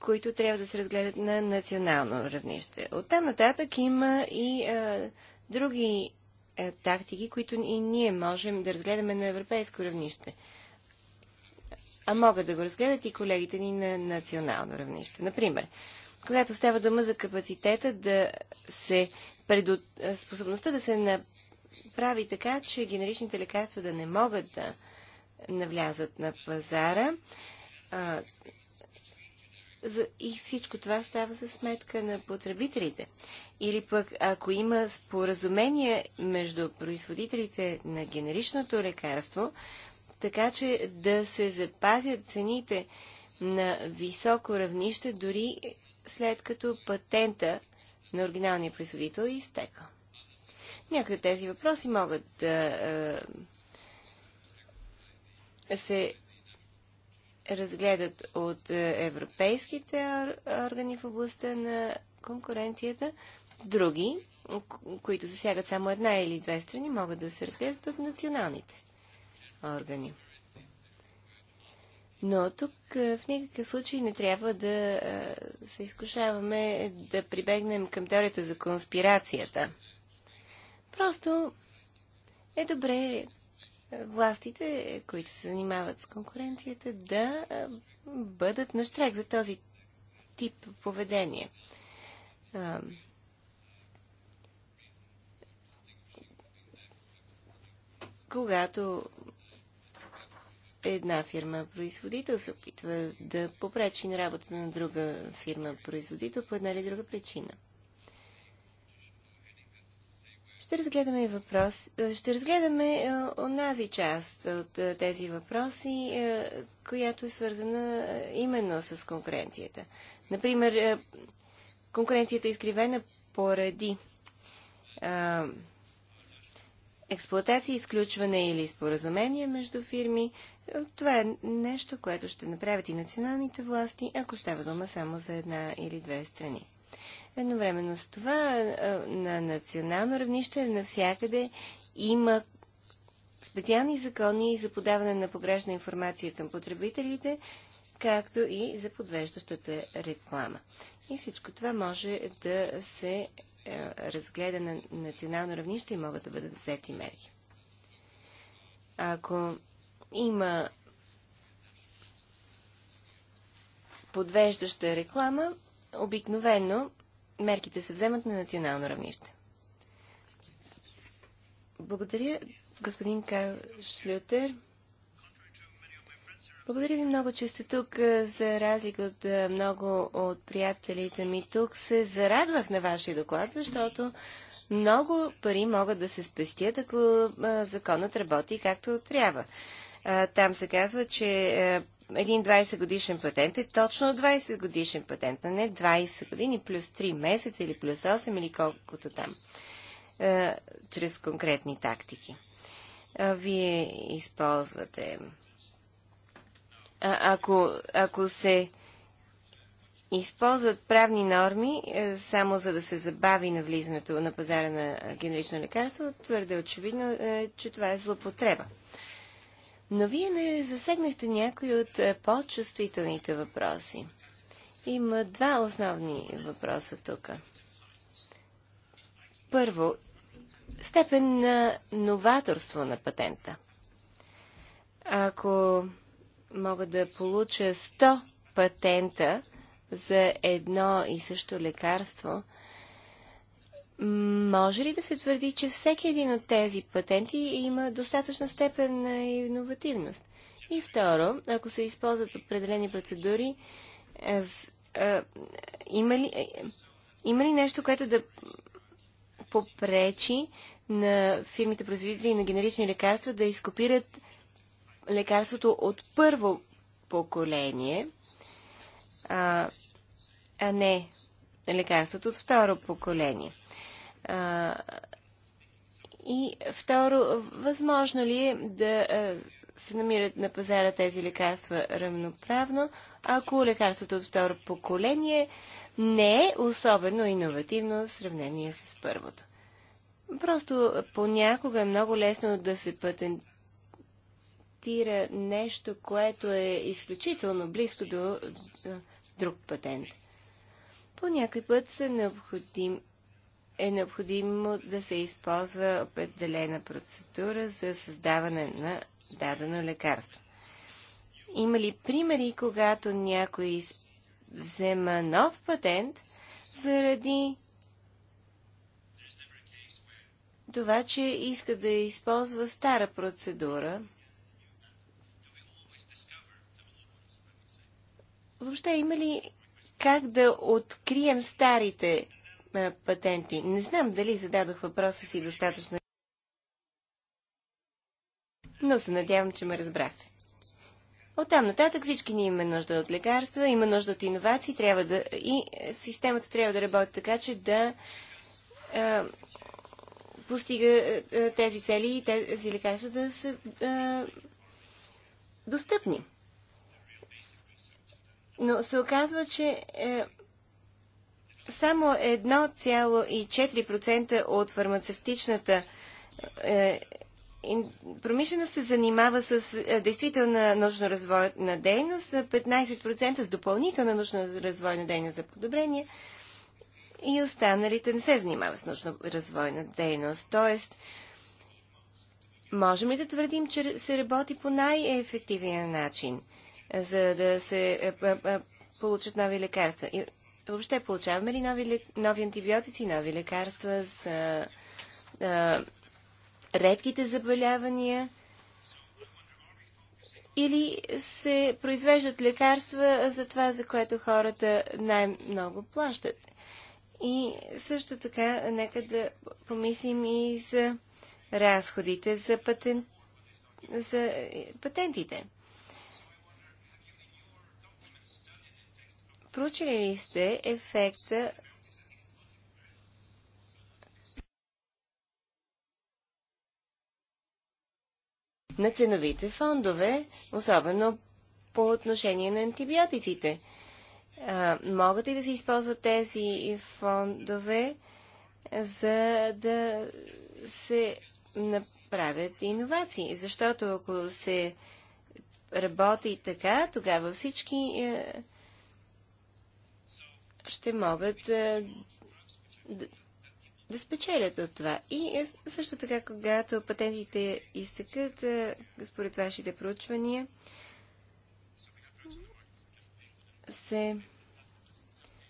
които трябва да се разгледат на национално равнище. Оттам нататък има и а, други е, тактики, които и ние можем да разгледаме на европейско равнище. А могат да го разгледат и колегите ни на национално равнище. Например, когато става дума за капацитета да се предот... способността да се направи така, че генеричните лекарства да не могат да навлязат на пазара, и всичко това става за сметка на потребителите. Или пък, ако има споразумение между производителите на генеричното лекарство, така че да се запазят цените на високо равнище, дори след като патента на оригиналния производител е изтекал. Някои от тези въпроси могат да е, се разгледат от е, европейските органи в областта на конкуренцията. Други, които засягат само една или две страни, могат да се разгледат от националните органи. Но тук е, в никакъв случай не трябва да е, се изкушаваме да прибегнем към теорията за конспирацията. Просто е добре властите, които се занимават с конкуренцията, да бъдат на штрек за този тип поведение. Когато една фирма-производител се опитва да попречи на работата на друга фирма-производител по една или друга причина – ще разгледаме въпрос, е, ще разгледаме е, онази част от е, тези въпроси, която е свързана именно с конкуренцията. Например, конкуренцията е изкривена поради експлуатация, изключване или споразумение между фирми. Това е нещо, което ще направят и националните власти, ако става дума само за една или две страни. Едновременно с това на национално равнище навсякъде има специални закони за подаване на погрешна информация към потребителите, както и за подвеждащата реклама. И всичко това може да се е, разгледа на национално равнище и могат да бъдат взети мерки. Ако има подвеждаща реклама, обикновено мерките се вземат на национално равнище. Благодаря, господин Карл Шлютер. Благодаря ви много, че сте тук. За разлика от е, много от приятелите ми тук, се зарадвах на вашия доклад, защото много пари могат да се спестят, ако е, законът работи както трябва. Е, там се казва, че един 20 годишен патент е точно 20 годишен патент, а не 20 години плюс 3 месеца или плюс 8 или колкото там, чрез конкретни тактики. вие използвате. А, ако, ако се използват правни норми е, само за да се забави навлизането на пазара на генерично лекарство, твърде очевидно е, че това е злопотреба. Но вие не засегнахте някои от е, по-чувствителните въпроси. Има два основни въпроса тук. Първо, степен на новаторство на патента. Ако мога да получа 100 патента за едно и също лекарство – може ли да се твърди, че всеки един от тези патенти има достатъчна степен на иновативност? И второ, ако се използват определени процедури, аз, е, а, е, има, ли, е, има ли нещо, което да попречи на фирмите производители на генерични лекарства да изкопират лекарството от първо поколение, а, а не лекарството от второ поколение. и второ, възможно ли е да се намират на пазара тези лекарства равноправно, ако лекарството от второ поколение не е особено иновативно в сравнение с първото. Просто понякога е много лесно да се патентира нещо, което е изключително близко до друг патент. По някой път са необходим, е необходимо да се използва определена процедура за създаване на дадено лекарство. Има ли примери, когато някой взема нов патент заради това, че иска да използва стара процедура? Въобще има ли как да открием старите а, патенти. Не знам дали зададох въпроса си достатъчно. Но се надявам, че ме разбрахте. Оттам нататък всички ние имаме нужда от лекарства, има нужда от иновации, трябва да, и е, системата трябва да работи така, че да а, постига а, е, е, тези цели и тези лекарства да са а, достъпни. Но се оказва, че е, само 1,4% от фармацевтичната е, промишленост се занимава с е, действителна научно-развойна дейност, 15% с допълнителна научно-развойна дейност за подобрение и останалите не се занимават с научно-развойна дейност. Тоест, можем ли да твърдим, че се работи по най ефективния начин – за да се е, е, е, получат нови лекарства. И въобще получаваме ли нови, нови антибиотици, нови лекарства за а, редките заболявания? Или се произвеждат лекарства за това, за което хората най-много плащат? И също така, нека да помислим и за разходите за, патент, за патентите. Проучили ли сте ефекта на ценовите фондове, особено по отношение на антибиотиците? А, могат ли да се използват тези фондове, за да се направят иновации? Защото ако се работи така, тогава всички е, ще могат а, е, да, да спечелят от това. И е, също така, когато патентите изтъкат, е, според вашите проучвания, се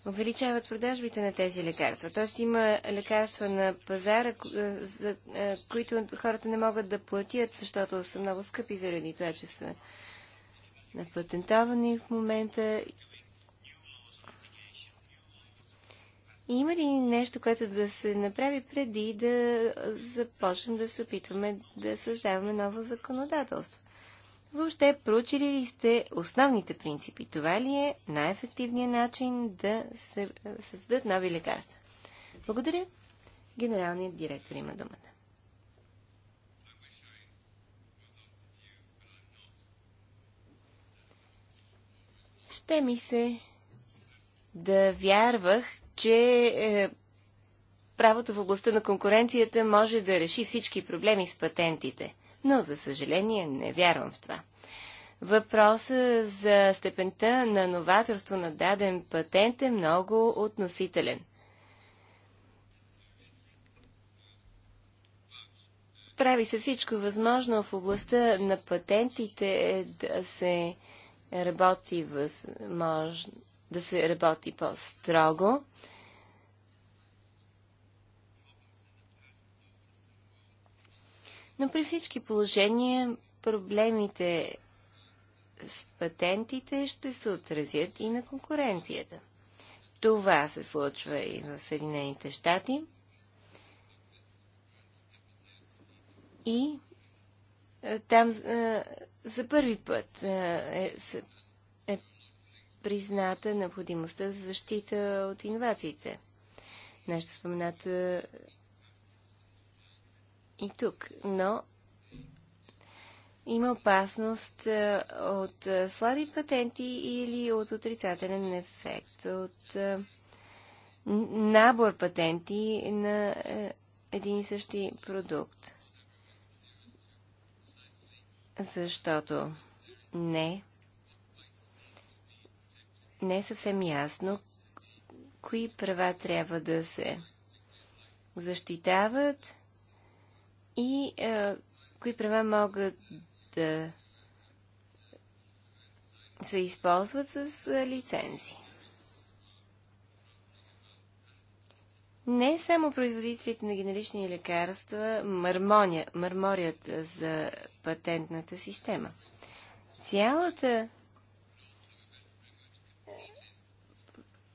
увеличават продажбите на тези лекарства. Тоест има лекарства на пазара, за които хората не могат да платят, защото са много скъпи заради това, че са напатентовани в момента Има ли нещо, което да се направи преди да започнем да се опитваме да създаваме ново законодателство? Въобще, проучили ли сте основните принципи? Това ли е най-ефективният начин да се е, създадат нови лекарства? Благодаря. Генералният директор има думата. Ще ми се да вярвах, че е, правото в областта на конкуренцията може да реши всички проблеми с патентите. Но, за съжаление, не вярвам в това. Въпросът за степента на новаторство на даден патент е много относителен. Прави се всичко възможно в областта на патентите да се работи възможно да се работи по-строго. Но при всички положения проблемите с патентите ще се отразят и на конкуренцията. Това се случва и в Съединените щати. И там за първи път е, призната необходимостта за защита от иновациите. Нещо спомената и тук, но има опасност е, от е, слаби патенти или от отрицателен ефект, от е, набор патенти на един и същи продукт. Защото не не е съвсем ясно кои права трябва да се защитават и а, кои права могат да се използват с лицензи. Не само производителите на генерични лекарства мърморят за патентната система. Цялата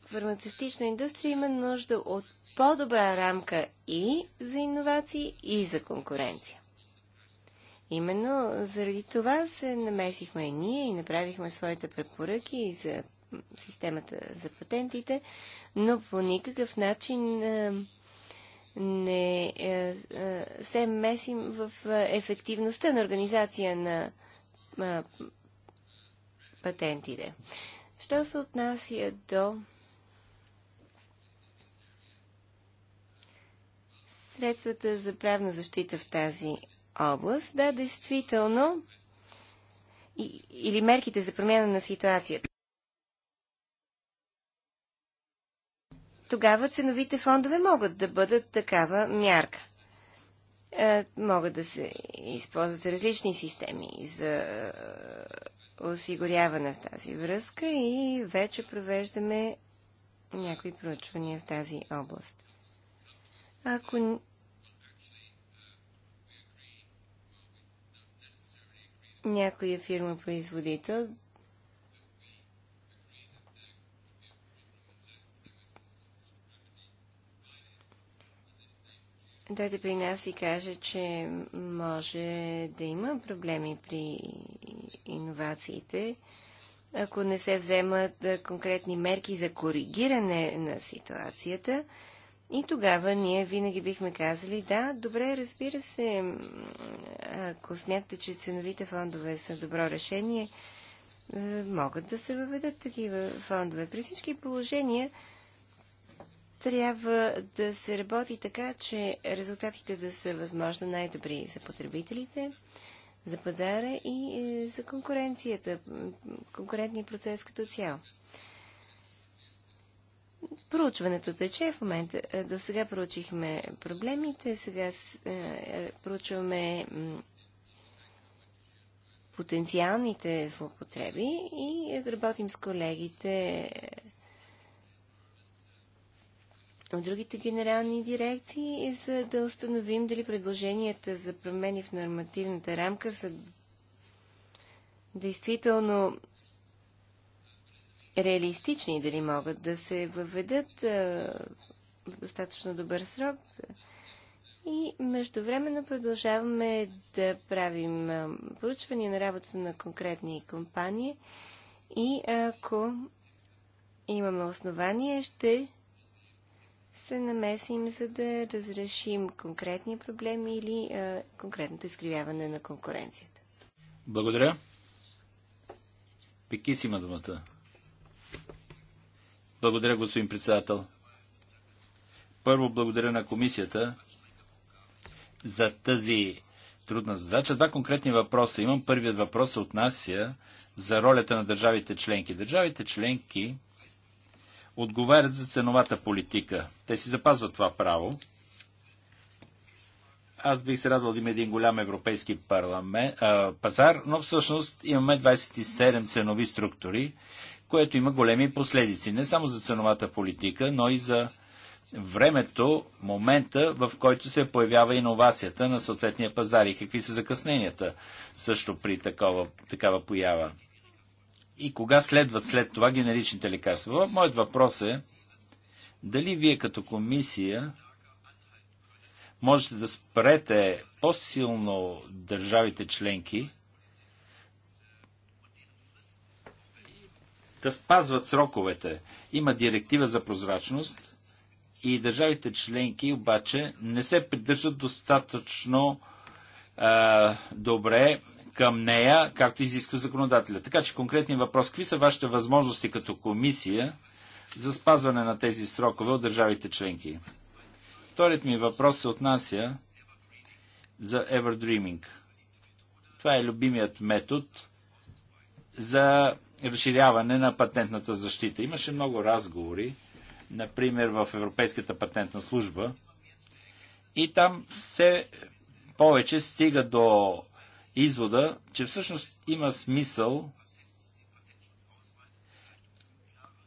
фармацевтична индустрия има нужда от по-добра рамка и за иновации, и за конкуренция. Именно заради това се намесихме и ние и направихме своите препоръки за системата за патентите, но по никакъв начин не се месим в ефективността на организация на патентите. Що се отнася до средствата за правна защита в тази област. Да, действително. И, или мерките за промяна на ситуацията. Тогава ценовите фондове могат да бъдат такава мярка. Е, могат да се използват различни системи за е, осигуряване в тази връзка и вече провеждаме някои проучвания в тази област. Ако някоя е фирма-производител дойде при нас и каже, че може да има проблеми при иновациите, ако не се вземат конкретни мерки за коригиране на ситуацията – и тогава ние винаги бихме казали, да, добре, разбира се, ако смятате, че ценовите фондове са добро решение, е, могат да се въведат такива фондове. При всички положения трябва да се работи така, че резултатите да са възможно най-добри за потребителите, за пазара и е, за конкуренцията, конкурентния процес като цяло. Проучването тече в момента. Е, до сега проучихме проблемите, сега е, е, проучваме потенциалните злопотреби и работим с колегите от другите генерални дирекции, за да установим дали предложенията за промени в нормативната рамка са действително реалистични, дали могат да се въведат в достатъчно добър срок. И междувременно продължаваме да правим поручвания на работа на конкретни компании и ако имаме основание, ще се намесим, за да разрешим конкретни проблеми или а, конкретното изкривяване на конкуренцията. Благодаря. Пекис има думата. Благодаря, господин председател. Първо благодаря на комисията за тази трудна задача. Два конкретни въпроса имам. Първият въпрос се отнася за ролята на държавите членки. Държавите членки отговарят за ценовата политика. Те си запазват това право. Аз бих се радвал да има един голям европейски парламент, а, пазар, но всъщност имаме 27 ценови структури което има големи последици не само за ценовата политика, но и за времето, момента, в който се появява иновацията на съответния пазар и какви са закъсненията също при такова, такава поява. И кога следват след това генеричните лекарства? Моят въпрос е, дали вие като комисия можете да спрете по-силно държавите членки да спазват сроковете. Има директива за прозрачност и държавите членки обаче не се придържат достатъчно а, добре към нея, както изисква законодателя. Така че конкретният въпрос, какви са вашите възможности като комисия за спазване на тези срокове от държавите членки? Вторият ми въпрос се отнася за Everdreaming. Това е любимият метод за разширяване на патентната защита. Имаше много разговори, например в Европейската патентна служба, и там все повече стига до извода, че всъщност има смисъл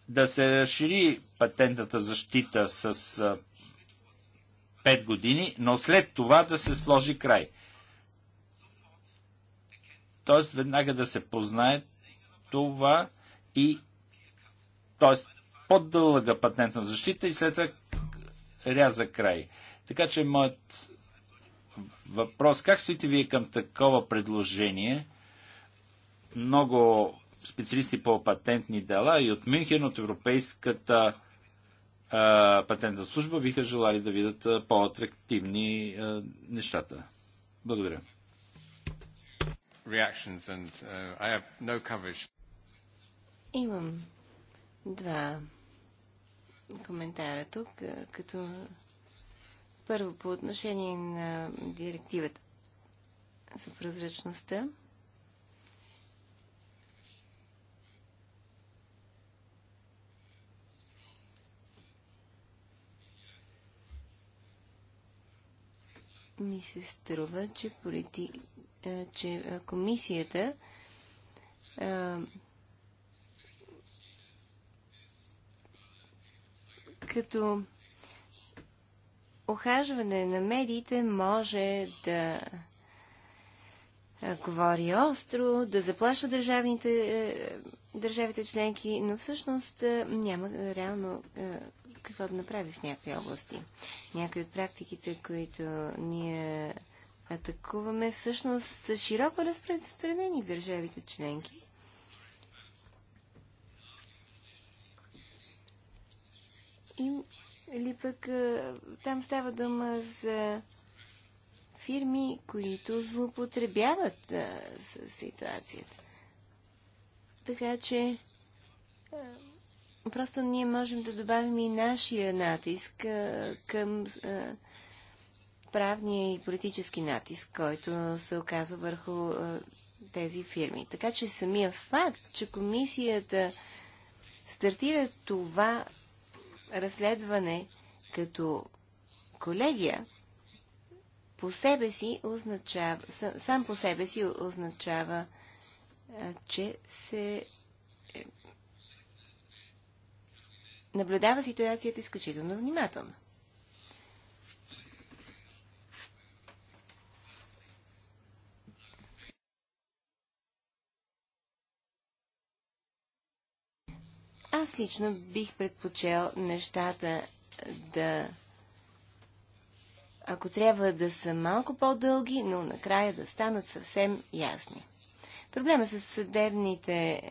да се разшири патентната защита с 5 години, но след това да се сложи край. Тоест веднага да се познаят това и т.е. по-дълга патентна защита и след това ряза край. Така че моят въпрос, как стоите вие към такова предложение? Много специалисти по патентни дела и от Мюнхен, от Европейската а, патентна служба биха желали да видят по-атрактивни нещата. Благодаря. And, uh, no Имам два коментара тук, като първо по отношение на директивата за прозрачността. ми се струва, че, полити... че комисията а, като охажване на медиите може да говори остро, да заплашва държавните, е, държавите членки, но всъщност е, няма реално е, какво да направи в някои области. Някои от практиките, които ние атакуваме, всъщност са широко разпространени в държавите членки. им, или пък там става дума за фирми, които злоупотребяват с ситуацията. Така че просто ние можем да добавим и нашия натиск към правния и политически натиск, който се оказва върху тези фирми. Така че самия факт, че комисията стартира това разследване като колегия по себе си означава, сам по себе си означава, че се е, наблюдава ситуацията изключително внимателно. Аз лично бих предпочел нещата да... Ако трябва да са малко по-дълги, но накрая да станат съвсем ясни. Проблема с съдебните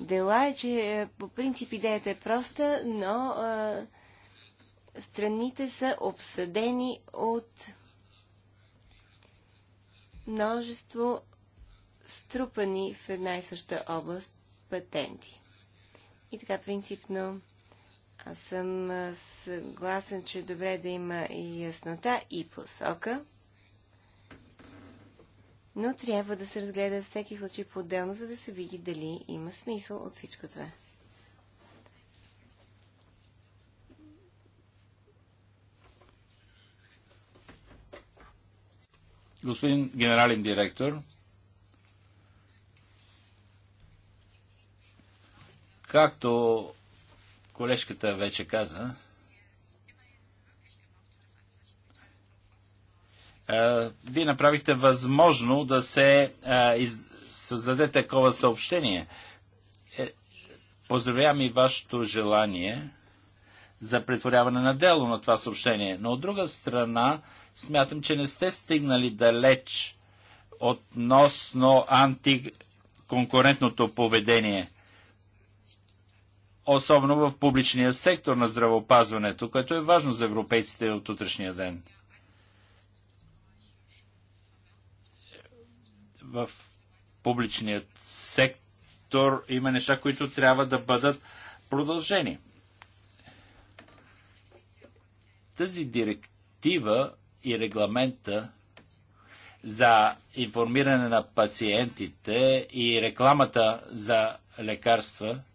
дела е, че е, по принцип идеята е проста, но а, страните са обсъдени от множество струпани в една и съща област патенти. И така принципно аз съм съгласен, че е добре да има и яснота, и посока. Но трябва да се разгледа всеки случай по-отделно, за да се види дали има смисъл от всичко това. Господин генерален директор, Както колежката вече каза, вие направихте възможно да се създаде такова съобщение. Е, поздравявам и вашето желание за претворяване на дело на това съобщение. Но от друга страна, смятам, че не сте стигнали далеч относно антиконкурентното поведение особено в публичния сектор на здравеопазването, което е важно за европейците от утрешния ден. В публичният сектор има неща, които трябва да бъдат продължени. Тази директива и регламента за информиране на пациентите и рекламата за лекарства –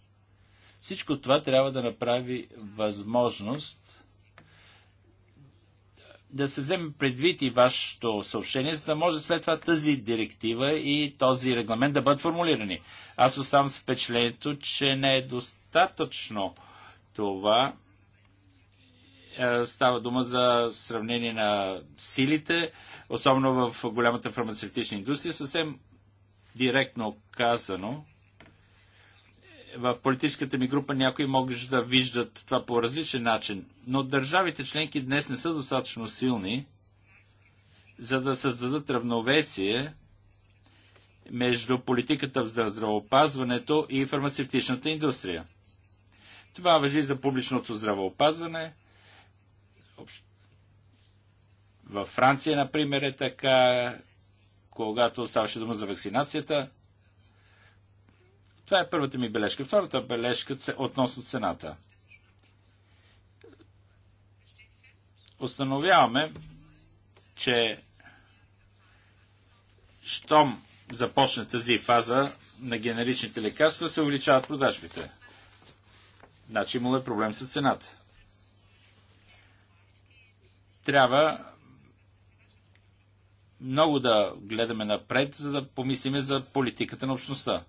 всичко това трябва да направи възможност да се вземе предвид и вашето съобщение, за да може след това тази директива и този регламент да бъдат формулирани. Аз оставам с впечатлението, че не е достатъчно това. Е, става дума за сравнение на силите, особено в голямата фармацевтична индустрия, съвсем директно казано в политическата ми група някои могат да виждат това по различен начин, но държавите членки днес не са достатъчно силни, за да създадат равновесие между политиката в здравеопазването и фармацевтичната индустрия. Това въжи за публичното здравеопазване. Във Франция, например, е така, когато ставаше дума за вакцинацията, това е първата ми бележка. Втората бележка е относно цената. Установяваме, че щом започне тази фаза на генеричните лекарства, се увеличават продажбите. Значи имало е проблем с цената. Трябва много да гледаме напред, за да помислиме за политиката на общността.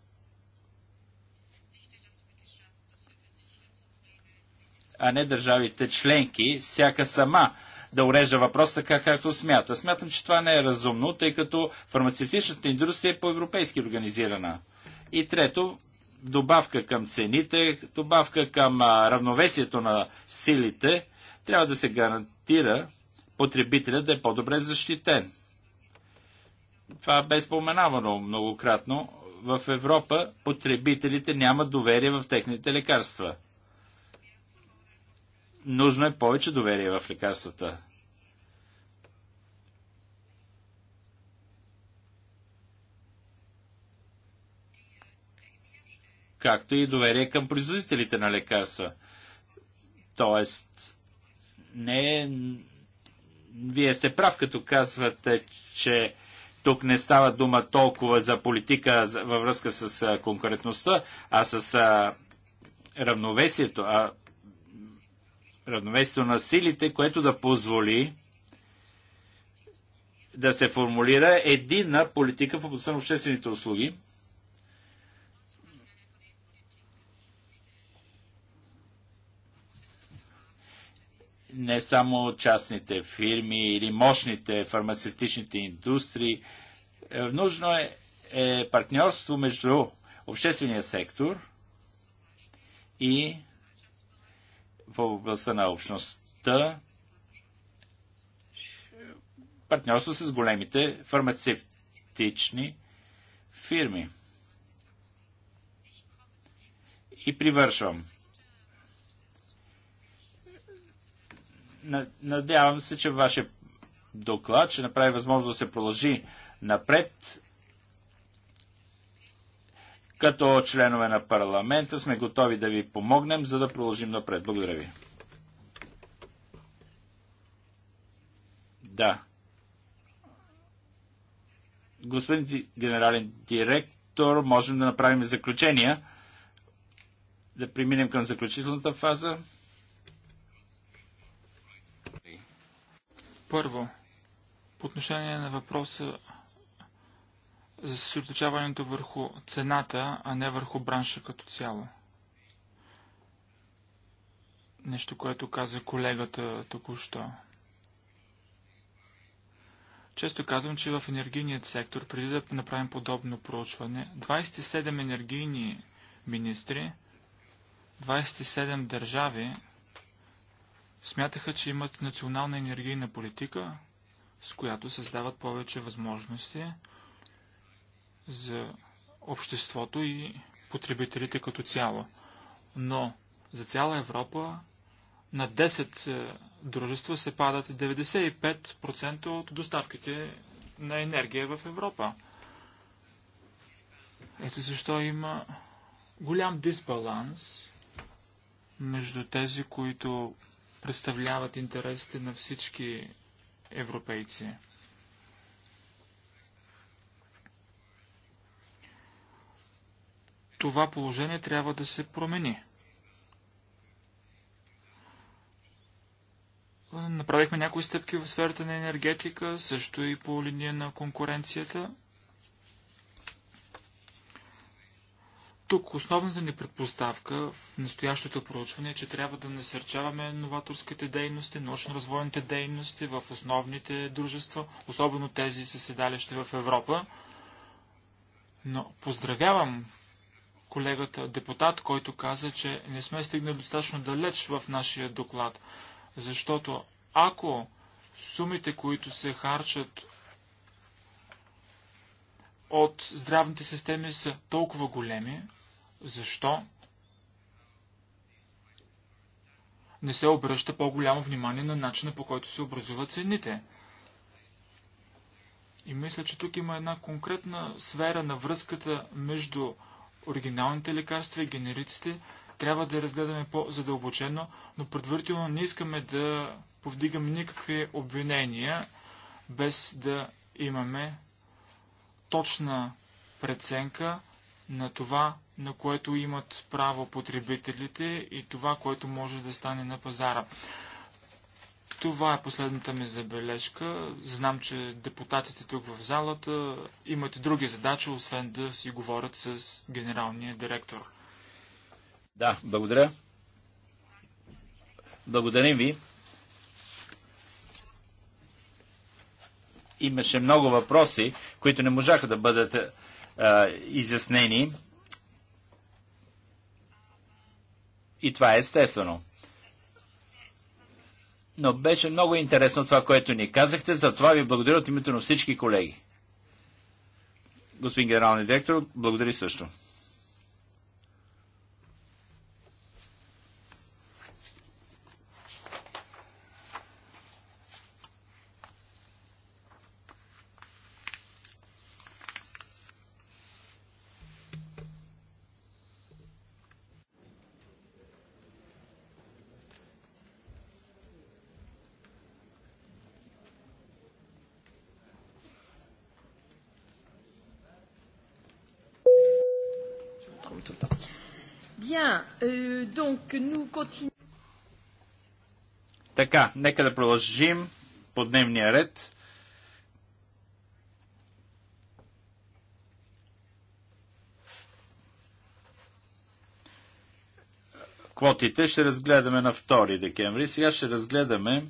а не държавите членки, всяка сама да урежда въпрос така, както смята. Смятам, че това не е разумно, тъй като фармацевтичната индустрия е по-европейски организирана. И трето, добавка към цените, добавка към равновесието на силите, трябва да се гарантира потребителя да е по-добре защитен. Това бе споменавано многократно. В Европа потребителите нямат доверие в техните лекарства. Нужно е повече доверие в лекарствата. Както и доверие към производителите на лекарства. Тоест, не е... Вие сте прав, като казвате, че тук не става дума толкова за политика във връзка с конкурентността, а с равновесието. А равновесието на силите, което да позволи да се формулира единна политика в областта на обществените услуги. Не само частните фирми или мощните фармацевтичните индустрии. Е, нужно е, е партньорство между обществения сектор и в областта на общността, партньорство с големите фармацевтични фирми. И привършвам. Надявам се, че вашия доклад ще направи възможност да се продължи напред като членове на парламента сме готови да ви помогнем, за да продължим напред. Благодаря ви. Да. Господин генерален директор, можем да направим заключения. Да преминем към заключителната фаза. Първо, по отношение на въпроса за съсредоточаването върху цената, а не върху бранша като цяло. Нещо, което каза колегата току-що. Често казвам, че в енергийният сектор, преди да направим подобно проучване, 27 енергийни министри, 27 държави смятаха, че имат национална енергийна политика, с която създават повече възможности, за обществото и потребителите като цяло. Но за цяла Европа на 10 е, дружества се падат 95% от доставките на енергия в Европа. Ето защо има голям дисбаланс между тези, които представляват интересите на всички европейци. това положение трябва да се промени. Направихме някои стъпки в сферата на енергетика, също и по линия на конкуренцията. Тук основната ни предпоставка в настоящото проучване е, че трябва да насърчаваме новаторските дейности, научно-развойните дейности в основните дружества, особено тези със седалище в Европа. Но поздравявам колегата депутат, който каза, че не сме стигнали достатъчно далеч в нашия доклад. Защото ако сумите, които се харчат от здравните системи са толкова големи, защо не се обръща по-голямо внимание на начина по който се образуват цените? И мисля, че тук има една конкретна сфера на връзката между оригиналните лекарства и генериците трябва да разгледаме по-задълбочено, но предварително не искаме да повдигаме никакви обвинения, без да имаме точна преценка на това, на което имат право потребителите и това, което може да стане на пазара. Това е последната ми забележка. Знам, че депутатите тук в залата имат други задачи, освен да си говорят с генералния директор. Да, благодаря. Благодарим ви. Имаше много въпроси, които не можаха да бъдат а, изяснени. И това е естествено но беше много интересно това, което ни казахте. За това ви благодаря от името на всички колеги. Господин генерален директор, благодаря също. Bien, euh, donc nous continuons. Така, нека да продължим по дневния ред. Квотите ще разгледаме на 2 декември. Сега ще разгледаме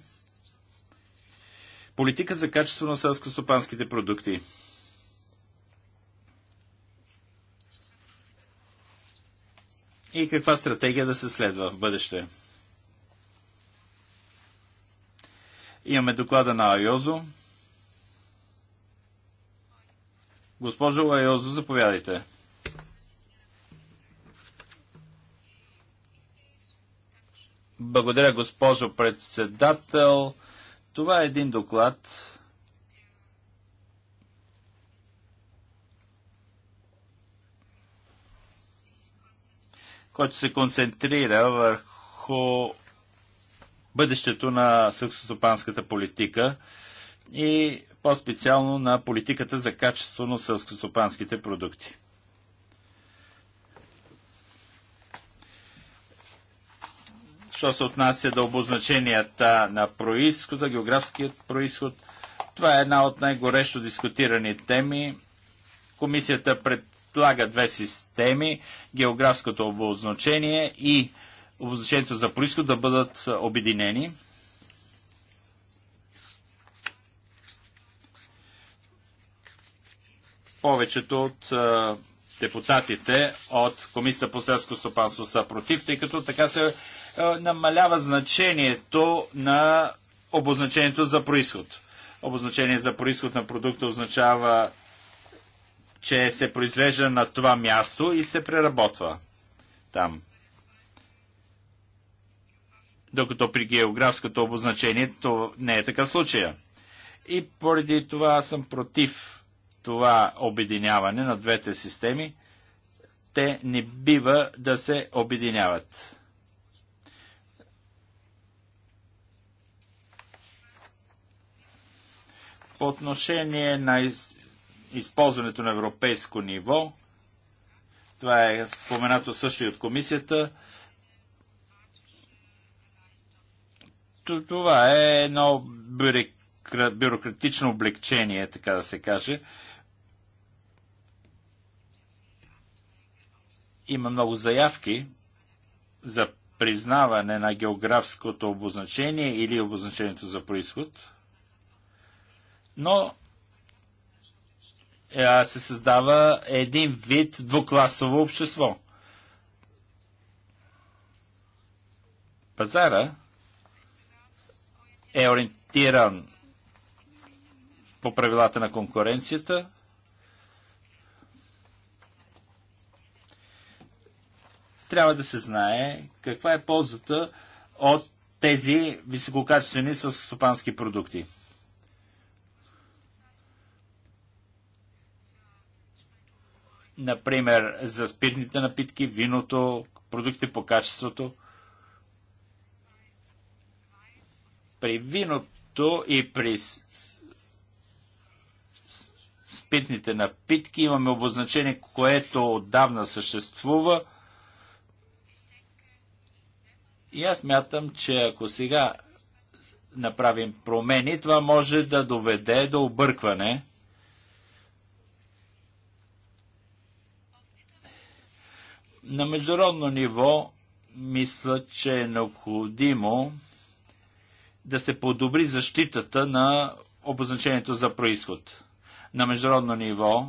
политика за качество на селско-стопанските продукти. и каква стратегия да се следва в бъдеще. Имаме доклада на Айозо. Госпожо Айозо, заповядайте. Благодаря, госпожо председател. Това е един доклад, който се концентрира върху бъдещето на селскостопанската политика и по-специално на политиката за качество на селскостопанските продукти. Що се отнася до обозначенията на происхода, географският происход, това е една от най-горещо дискутирани теми. Комисията пред слага две системи, географското обозначение и обозначението за происход да бъдат обединени. Повечето от депутатите от Комисията по селско стопанство са против, тъй като така се намалява значението на обозначението за происход. Обозначение за происход на продукта означава че се произвежда на това място и се преработва там. Докато при географското обозначение то не е такъв случай. И поради това съм против това обединяване на двете системи. Те не бива да се обединяват. По отношение на използването на европейско ниво. Това е споменато също и от комисията. Това е едно бюрократично облегчение, така да се каже. Има много заявки за признаване на географското обозначение или обозначението за происход, но е, се създава един вид двукласово общество. Пазара е ориентиран по правилата на конкуренцията. Трябва да се знае каква е ползата от тези висококачествени съсопански продукти. например, за спиртните напитки, виното, продукти по качеството. При виното и при спиртните напитки имаме обозначение, което отдавна съществува. И аз мятам, че ако сега направим промени, това може да доведе до объркване На международно ниво мисля, че е необходимо да се подобри защитата на обозначението за происход. На международно ниво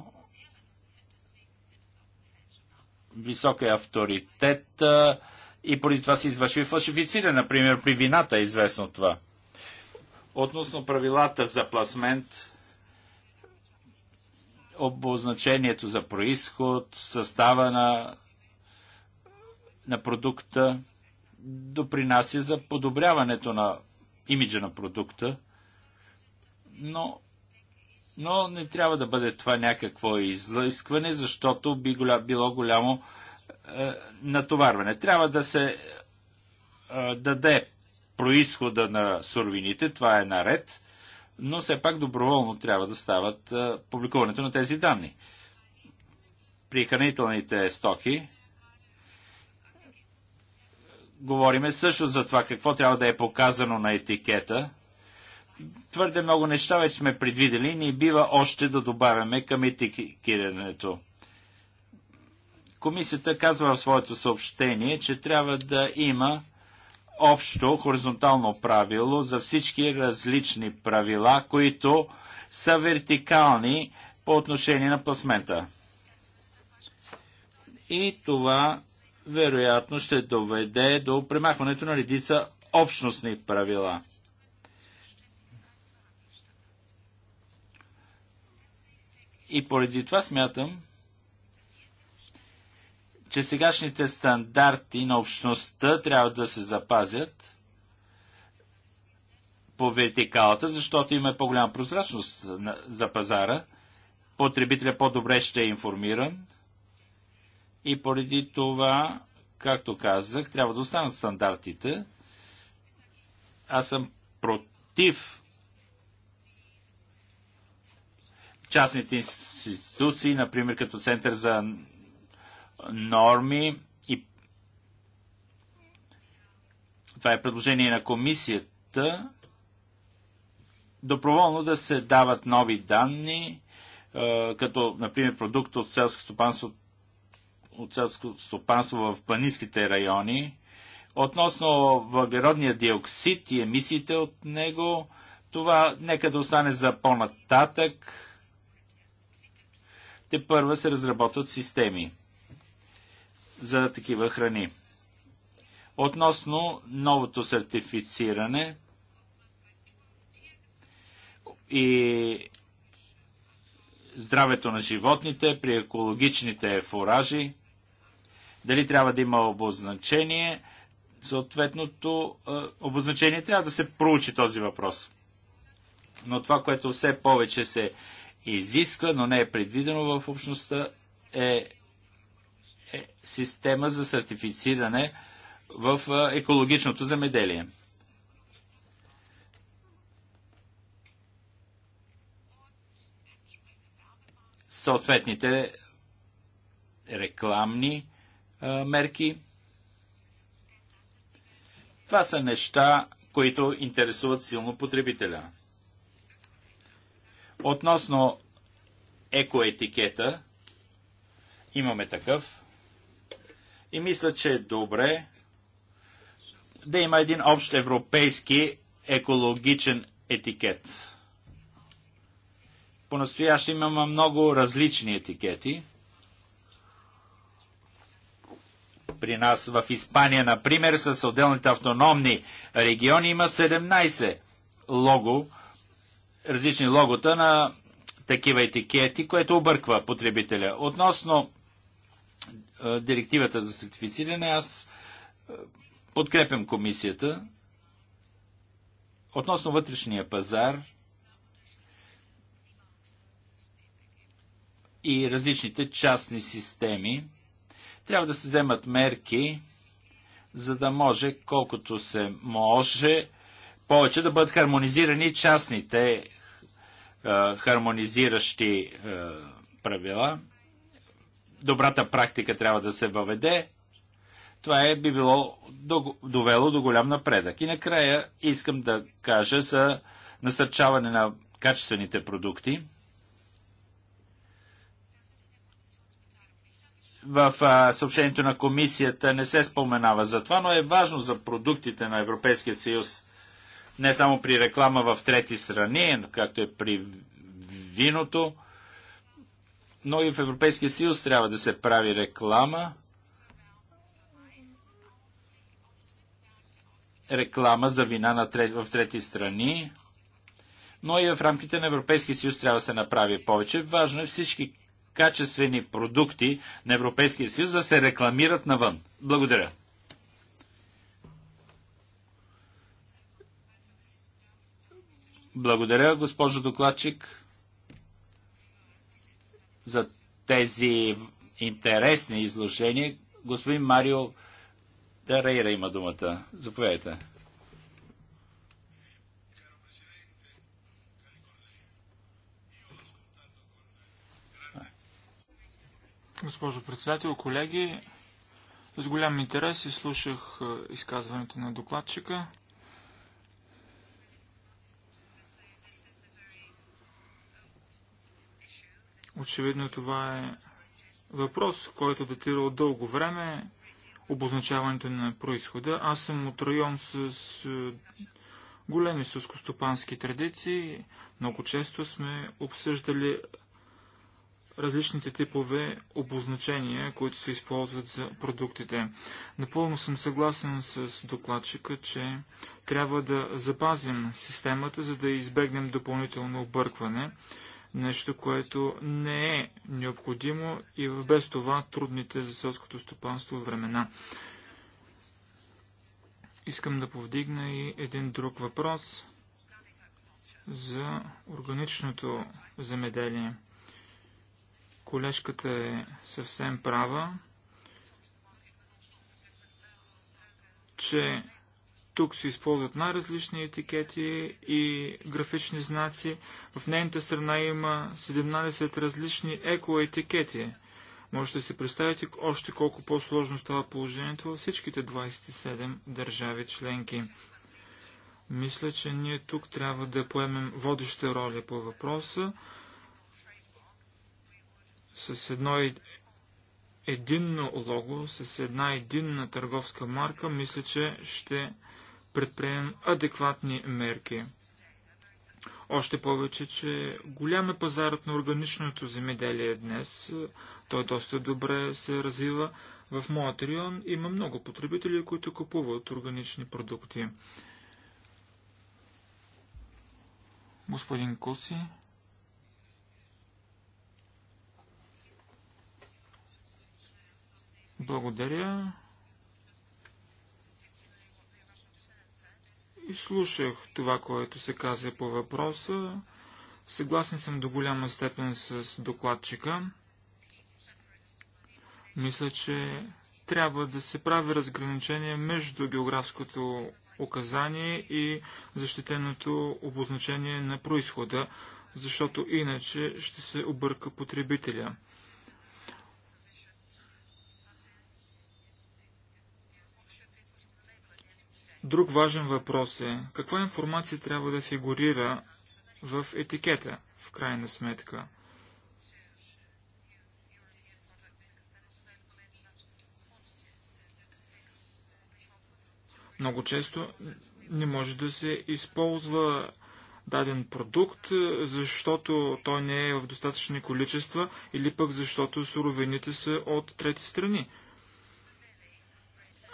висока е авторитет и поради това се извършва и фалшифициране. Например, при вината е известно това. Относно правилата за пласмент, обозначението за происход, състава на на продукта допринася за подобряването на имиджа на продукта, но, но не трябва да бъде това някакво излъскване, защото би голя, било голямо е, натоварване. Трябва да се е, даде происхода на суровините, това е наред, но все пак доброволно трябва да стават е, публикуването на тези данни. При хранителните стоки говориме също за това какво трябва да е показано на етикета. Твърде много неща вече сме предвидели, ни бива още да добавяме към етикирането. Комисията казва в своето съобщение, че трябва да има общо хоризонтално правило за всички различни правила, които са вертикални по отношение на пласмента. И това вероятно ще доведе до премахването на редица общностни правила. И поради това смятам, че сегашните стандарти на общността трябва да се запазят по вертикалата, защото има по-голяма прозрачност за пазара. Потребителя по-добре ще е информиран и поради това, както казах, трябва да останат стандартите. Аз съм против частните институции, например като Център за норми и това е предложение на комисията, доброволно да се дават нови данни, като, например, продукт от селско стопанство от царско стопанство в планинските райони. Относно въглеродния диоксид и емисиите от него, това нека да остане за по-нататък. Те първа се разработват системи за такива храни. Относно новото сертифициране и здравето на животните при екологичните фуражи, дали трябва да има обозначение, съответното обозначение трябва да се проучи този въпрос. Но това, което все повече се изисква, но не е предвидено в общността, е, е система за сертифициране в екологичното замеделие. Съответните рекламни мерки. Това са неща, които интересуват силно потребителя. Относно екоетикета, имаме такъв. И мисля, че е добре да има един общ европейски екологичен етикет. По-настояще имаме много различни етикети. При нас в Испания, например, с отделните автономни региони има 17 лого, различни логота на такива етикети, което обърква потребителя. Относно е, директивата за сертифициране, аз е, подкрепям комисията. Относно вътрешния пазар и различните частни системи, трябва да се вземат мерки, за да може колкото се може повече да бъдат хармонизирани частните е, хармонизиращи е, правила. Добрата практика трябва да се въведе. Това е, би било довело до голям напредък. И накрая искам да кажа за насърчаване на качествените продукти – в а, съобщението на комисията не се споменава за това, но е важно за продуктите на Европейския съюз. Не само при реклама в трети страни, както е при виното, но и в Европейския съюз трябва да се прави реклама. Реклама за вина на трет, в трети страни. Но и в рамките на Европейския съюз трябва да се направи повече. Важно е всички качествени продукти на Европейския съюз да се рекламират навън. Благодаря. Благодаря, госпожо докладчик, за тези интересни изложения. Господин Марио Тарейра има думата. Заповядайте. Госпожо председател, колеги, с голям интерес изслушах е, изказването на докладчика. Очевидно това е въпрос, който датира от дълго време обозначаването на происхода. Аз съм от район с е, големи сълскостопански традиции. Много често сме обсъждали различните типове обозначения, които се използват за продуктите. Напълно съм съгласен с докладчика, че трябва да запазим системата, за да избегнем допълнително объркване, нещо, което не е необходимо и в без това трудните за селското стопанство времена. Искам да повдигна и един друг въпрос за органичното земеделие. Колежката е съвсем права, че тук се използват най-различни етикети и графични знаци. В нейната страна има 17 различни екоетикети. Можете да си представите още колко по-сложно става положението във всичките 27 държави членки. Мисля, че ние тук трябва да поемем водеща роля по въпроса, с едно единно лого, с една единна търговска марка, мисля, че ще предприемем адекватни мерки. Още повече, че голям е пазарът на органичното земеделие днес. Той доста добре се развива. В моят район има много потребители, които купуват органични продукти. Господин Коси. Благодаря. И слушах това, което се каза по въпроса. Съгласен съм до голяма степен с докладчика. Мисля, че трябва да се прави разграничение между географското указание и защитеното обозначение на происхода, защото иначе ще се обърка потребителя. Друг важен въпрос е каква информация трябва да фигурира в етикета, в крайна сметка. Много често не може да се използва даден продукт, е, защото той не е в достатъчни количества или пък защото суровините са от трети страни.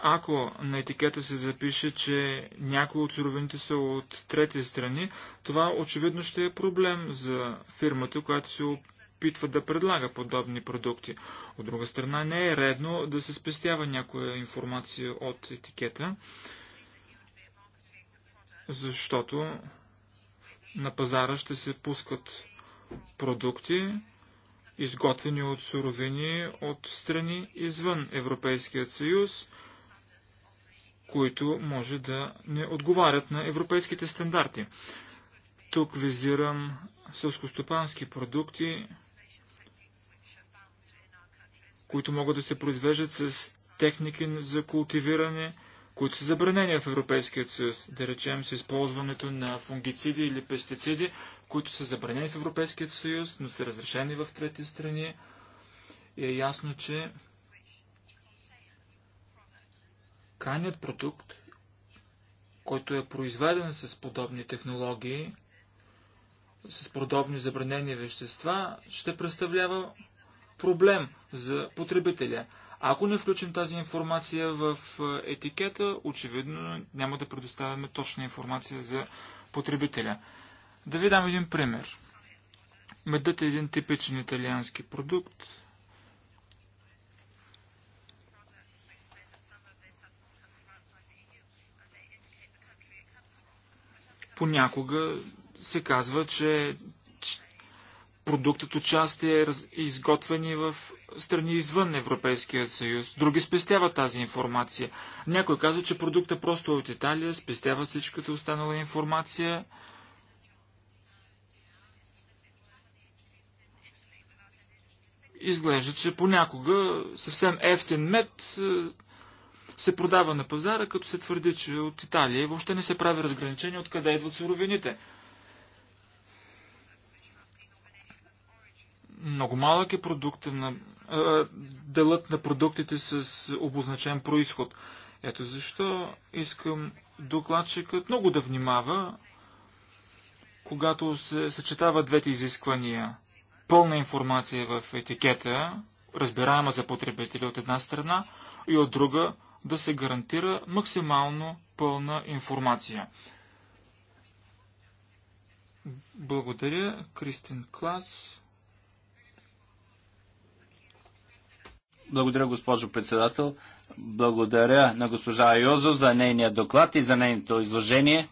Ако на етикета се запише, че някои от суровините са от трети страни, това очевидно ще е проблем за фирмата, която се опитва да предлага подобни продукти. От друга страна, не е редно да се спестява някоя информация от етикета, защото на пазара ще се пускат продукти, изготвени от суровини от страни извън Европейският съюз, които може да не отговарят на европейските стандарти. Тук визирам сълскостопански продукти, които могат да се произвеждат с техники за култивиране, които са забранени в Европейския съюз. Да речем с използването на фунгициди или пестициди, които са забранени в Европейския съюз, но са разрешени в трети страни. И е ясно, че крайният продукт, който е произведен с подобни технологии, с подобни забранени вещества, ще представлява проблем за потребителя. Ако не включим тази информация в е, етикета, очевидно няма да предоставяме точна информация за потребителя. Да ви дам един пример. Медът е един типичен италиански продукт, Понякога се казва, че продуктът от част е изготвени в страни извън Европейския съюз. Други спестяват тази информация. Някой казва, че продукта просто е от Италия, спестяват всичката останала информация. Изглежда, че понякога съвсем ефтен мед е, се продава на пазара, като се твърди, че от Италия и въобще не се прави разграничение откъде идват суровините. Много малък е продукта на, а, делът на продуктите с обозначен происход. Ето защо искам докладчикът много да внимава, когато се съчетават двете изисквания. Пълна информация в етикета, разбираема за потребители от една страна и от друга да се гарантира максимално пълна информация. Благодаря, Кристин Клас. Благодаря, госпожо председател. Благодаря на госпожа Йозо за нейния доклад и за нейното изложение.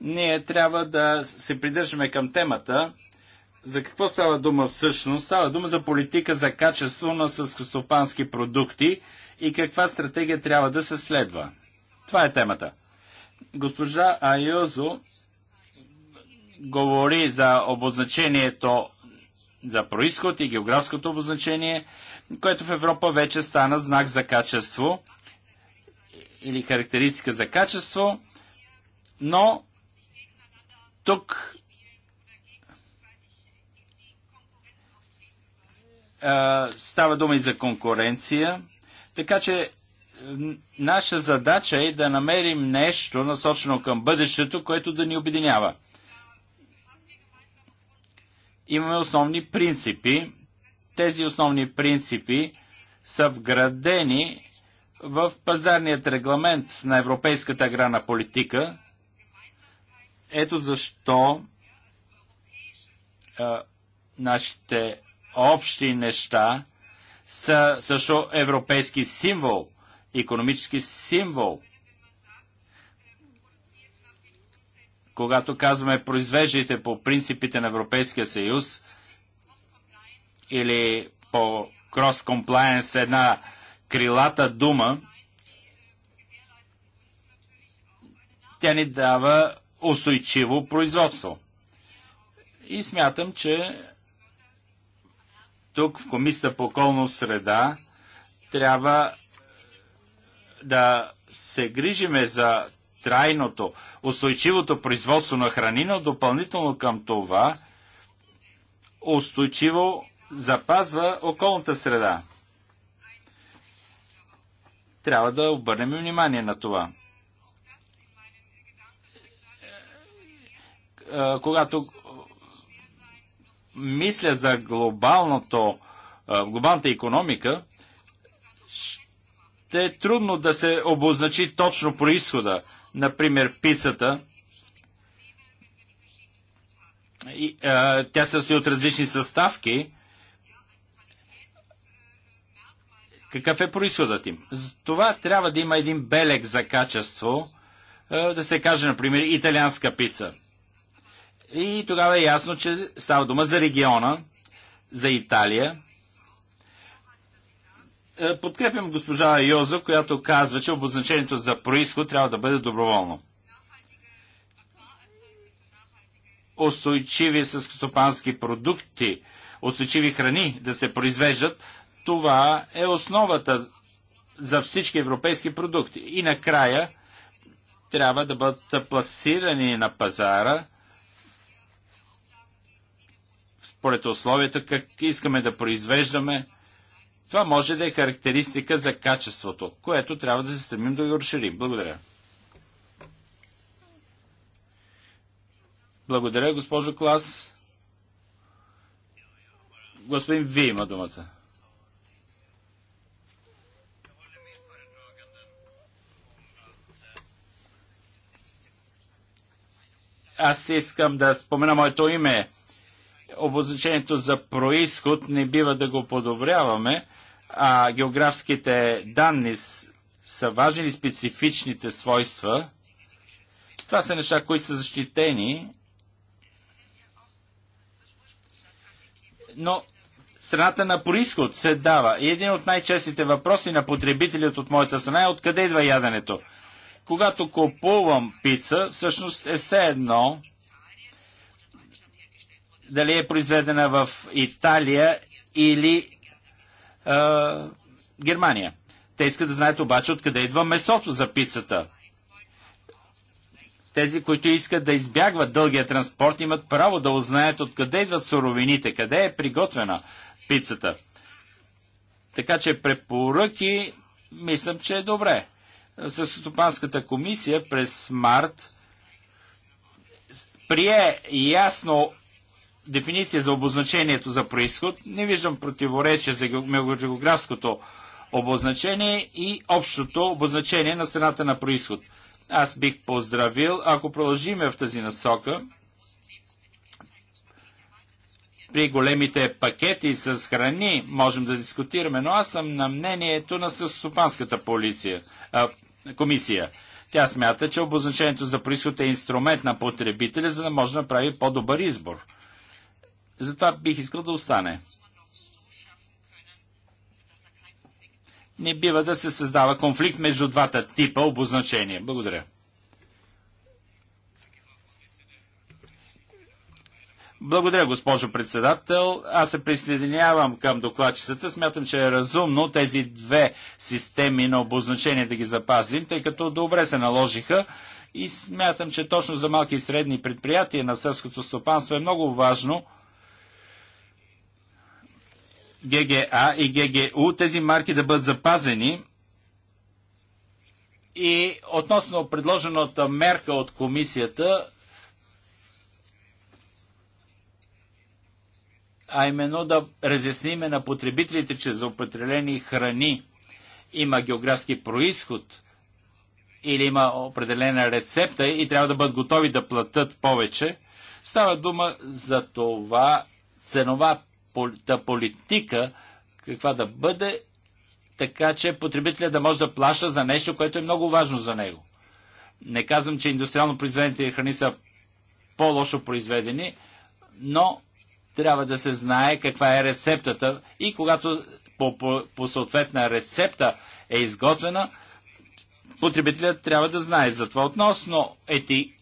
Ние трябва да се придържаме към темата. За какво става дума всъщност? Става дума за политика за качество на съскостопански продукти – и каква стратегия трябва да се следва. Това е темата. Госпожа Айозо говори за обозначението за происход и географското обозначение, което в Европа вече стана знак за качество или характеристика за качество, но тук а, става дума и за конкуренция така че наша задача е да намерим нещо насочено към бъдещето, което да ни обединява. Имаме основни принципи. Тези основни принципи са вградени в пазарният регламент на Европейската аграрна политика. Ето защо а, нашите общи неща са също европейски символ, економически символ. Когато казваме произвеждайте по принципите на Европейския съюз или по крос комплайенс една крилата дума, тя ни дава устойчиво производство. И смятам, че тук в Комисията по околна среда трябва да се грижиме за трайното, устойчивото производство на храни, но допълнително към това устойчиво запазва околната среда. Трябва да обърнем внимание на това. Е, когато мисля за глобалното, глобалната економика, ще е трудно да се обозначи точно происхода. Например, пицата. И, а, тя се състои от различни съставки. Какъв е происходът им? За това трябва да има един белег за качество, а, да се каже, например, италианска пица – и тогава е ясно, че става дума за региона, за Италия. Е, подкрепям госпожа Йозо, която казва, че обозначението за происход трябва да бъде доброволно. Устойчиви стопански продукти, устойчиви храни да се произвеждат, това е основата за всички европейски продукти. И накрая трябва да бъдат пласирани на пазара – според условията, как искаме да произвеждаме. Това може да е характеристика за качеството, което трябва да се стремим да го разширим. Благодаря. Благодаря, госпожо Клас. Господин Ви има думата. Аз искам да спомена моето име обозначението за происход не бива да го подобряваме, а географските данни са важни ли специфичните свойства. Това са неща, които са защитени, но страната на происход се дава. И един от най-честите въпроси на потребителят от моята страна е откъде идва яденето. Когато купувам пица, всъщност е все едно дали е произведена в Италия или а, Германия. Те искат да знаят обаче откъде идва месото за пицата. Тези, които искат да избягват дългия транспорт, имат право да узнаят откъде идват суровините, къде е приготвена пицата. Така че препоръки, мислям, че е добре. С комисия през март прие ясно дефиниция за обозначението за происход, не виждам противоречие за географското обозначение и общото обозначение на страната на происход. Аз бих поздравил, ако продължиме в тази насока, при големите пакети с храни можем да дискутираме, но аз съм на мнението на Съсопанската полиция, а, комисия. Тя смята, че обозначението за происход е инструмент на потребителя, за да може да прави по-добър избор. Затова бих искал да остане. Не бива да се създава конфликт между двата типа обозначения. Благодаря. Благодаря, госпожо председател. Аз се присъединявам към докладчицата. Смятам, че е разумно тези две системи на обозначение да ги запазим, тъй като добре се наложиха и смятам, че точно за малки и средни предприятия на сърското стопанство е много важно – ГГА и ГГУ, тези марки да бъдат запазени. И относно предложената мерка от комисията, а именно да разясниме на потребителите, че за определени храни има географски происход или има определена рецепта и трябва да бъдат готови да платят повече, става дума за това ценова политика, каква да бъде, така че потребителя да може да плаща за нещо, което е много важно за него. Не казвам, че индустриално произведените храни са по-лошо произведени, но трябва да се знае каква е рецептата и когато по, по, по съответна рецепта е изготвена, потребителят трябва да знае. Затова относно ети,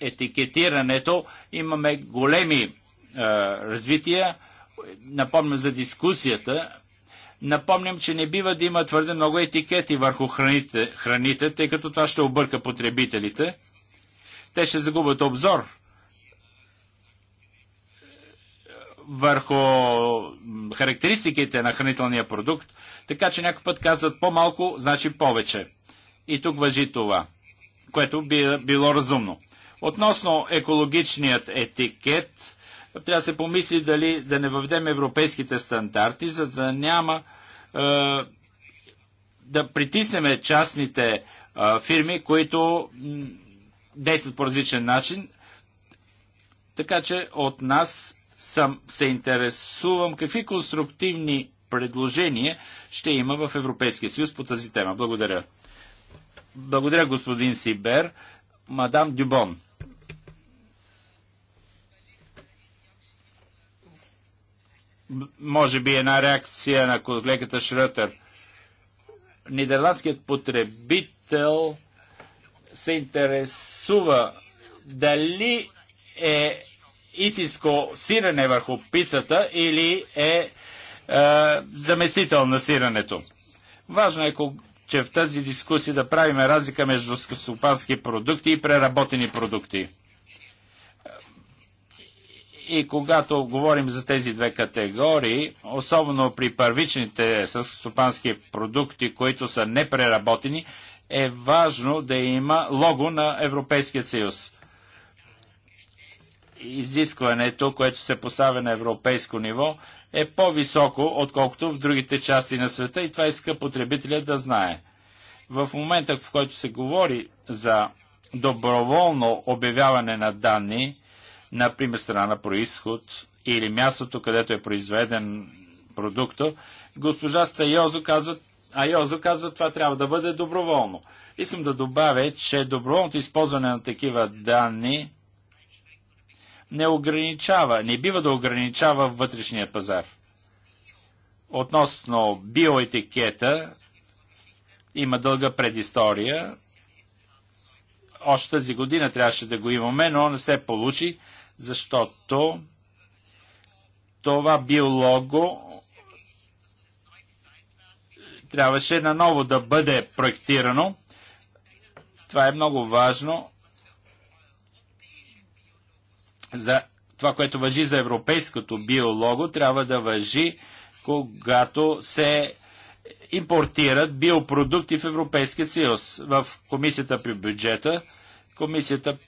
етикетирането имаме големи е, развития напомням за дискусията, напомням, че не бива да има твърде много етикети върху храните, храните тъй като това ще обърка потребителите. Те ще загубят обзор върху характеристиките на хранителния продукт, така че някой път казват по-малко, значи повече. И тук въжи това, което би било разумно. Относно екологичният етикет, трябва да се помисли дали да не въведем европейските стандарти, за да няма е, да притиснеме частните е, фирми, които действат по различен начин. Така че от нас съм се интересувам какви конструктивни предложения ще има в Европейския съюз по тази тема. Благодаря. Благодаря, господин Сибер. Мадам Дюбон. може би една реакция на колегата Шрътър. Нидерландският потребител се интересува дали е истинско сирене върху пицата или е, е заместител на сирането. Важно е, че в тази дискусия да правим разлика между скъсопански продукти и преработени продукти. И когато говорим за тези две категории, особено при първичните стопански продукти, които са непреработени, е важно да има лого на Европейския съюз. Изискването, което се поставя на европейско ниво, е по-високо, отколкото в другите части на света и това иска потребителя да знае. В момента, в който се говори за доброволно обявяване на данни, например страна на происход или мястото, където е произведен продукто, госпожа Стайозо казва, а Йозо казва, това трябва да бъде доброволно. Искам да добавя, че доброволното използване на такива данни не ограничава, не бива да ограничава вътрешния пазар. Относно биоетикета, има дълга предистория. Още тази година трябваше да го имаме, но не се получи защото това биолого трябваше наново да бъде проектирано. Това е много важно за това, което въжи за европейското биолого, трябва да въжи, когато се импортират биопродукти в Европейския съюз. В комисията при бюджета, комисията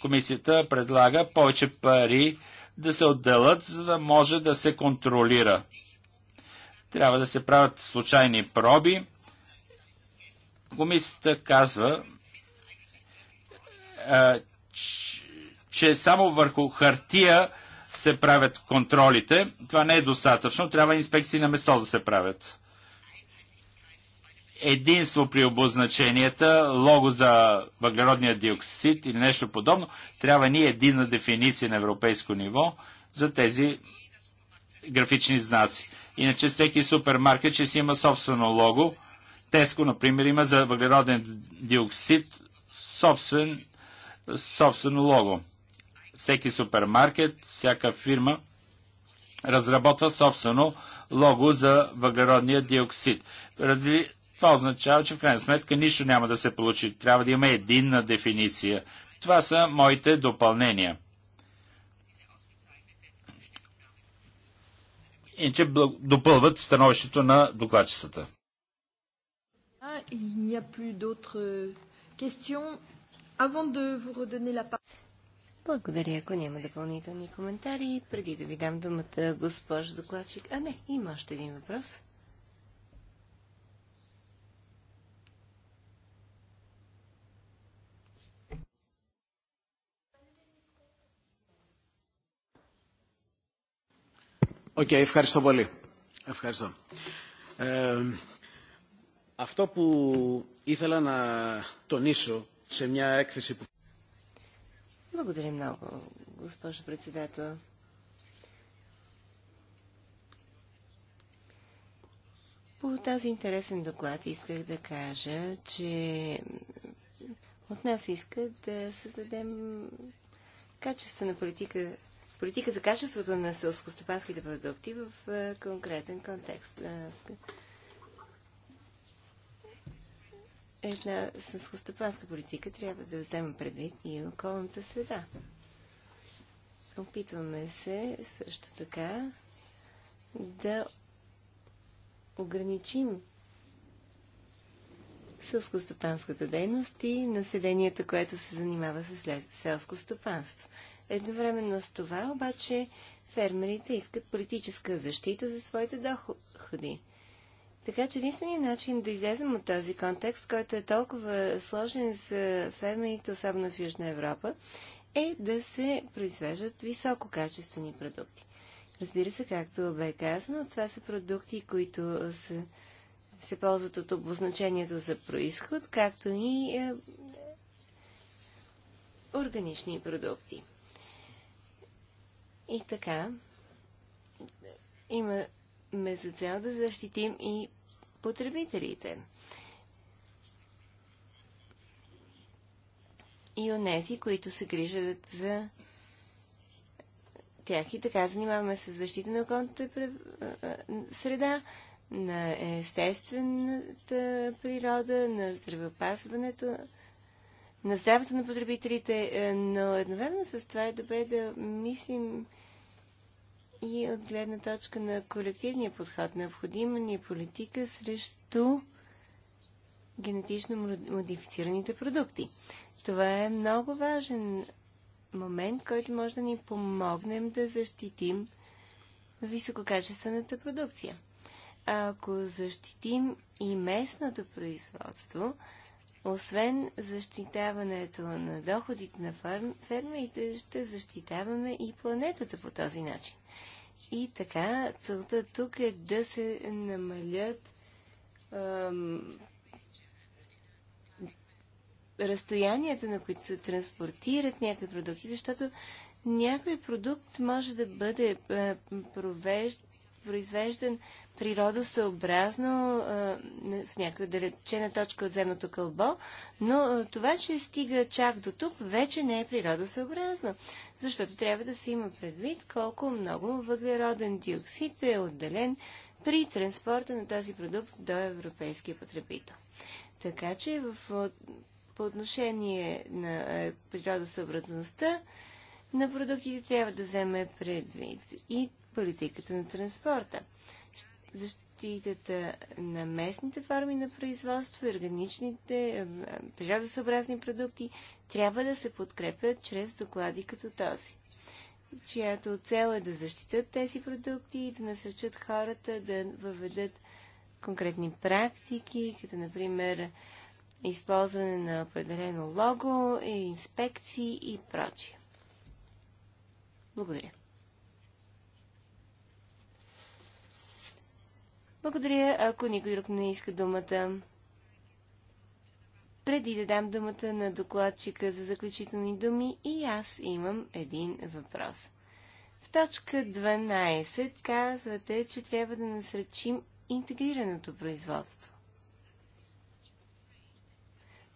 комисията предлага повече пари да се отделят, за да може да се контролира. Трябва да се правят случайни проби. Комисията казва, че само върху хартия се правят контролите. Това не е достатъчно. Трябва инспекции на место да се правят единство при обозначенията, лого за въглеродния диоксид или нещо подобно, трябва ни единна дефиниция на европейско ниво за тези графични знаци. Иначе всеки супермаркет ще си има собствено лого. Теско, например, има за въглероден диоксид собствен, собствено лого. Всеки супермаркет, всяка фирма разработва собствено лого за въглеродния диоксид. Това означава, че в крайна сметка нищо няма да се получи. Трябва да има единна дефиниция. Това са моите допълнения. Иначе допълват становището на докладчицата. Э, Благодаря, ако няма допълнителни коментари. Преди да ви дам думата, госпожо докладчик. А не, има още един въпрос. Οκ, ευχαριστώ πολύ. Ευχαριστώ. Ε, αυτό που ήθελα να τονίσω σε μια έκθεση που... Благодаря много, госпожо председател. По тази интересен доклад исках да кажа, че от нас искат да създадем качествена политика политика за качеството на селскостопанските продукти в е, конкретен контекст. Е, една селскостопанска политика трябва да взема предвид и околната среда. Опитваме се също така да ограничим сълскостопанската дейност и населението, което се занимава с селско стопанство. Едновременно с това обаче фермерите искат политическа защита за своите доходи. Така че единственият начин да излезем от този контекст, който е толкова сложен за фермерите, особено в Южна Европа, е да се произвеждат висококачествени продукти. Разбира се, както бе казано, това са продукти, които са, се ползват от обозначението за происход, както и е, органични продукти. И така, имаме за цел да защитим и потребителите. И онези, които се грижат за тях. И така, занимаваме се с защита на околната среда, на естествената природа, на здравеопазването, на здравето на потребителите, е, но едновременно с това е добре да мислим и от гледна точка на колективния подход. Необходима ни е политика срещу генетично модифицираните продукти. Това е много важен момент, който може да ни помогнем да защитим висококачествената продукция. ако защитим и местното производство, освен защитаването на доходите на фермерите, ще защитаваме и планетата по този начин. И така, целта тук е да се намалят ам, разстоянията, на които се транспортират някои продукти, защото някой продукт може да бъде е, провежд, произвеждан природосъобразно в някаква далечена точка от земното кълбо, но това, че стига чак до тук, вече не е природосъобразно, защото трябва да се има предвид колко много въглероден диоксид е отделен при транспорта на този продукт до европейския потребител. Така че в, по отношение на природосъобразността на продуктите трябва да вземе предвид и политиката на транспорта. Защитата на местните форми на производство и органичните е, е, природосъобразни продукти трябва да се подкрепят чрез доклади като този чиято цел е да защитат тези продукти и да насръчат хората да въведат конкретни практики, като например използване на определено лого, инспекции и прочие. Благодаря. Благодаря, ако никой друг не иска думата. Преди да дам думата на докладчика за заключителни думи, и аз имам един въпрос. В точка 12 казвате, че трябва да насръчим интегрираното производство.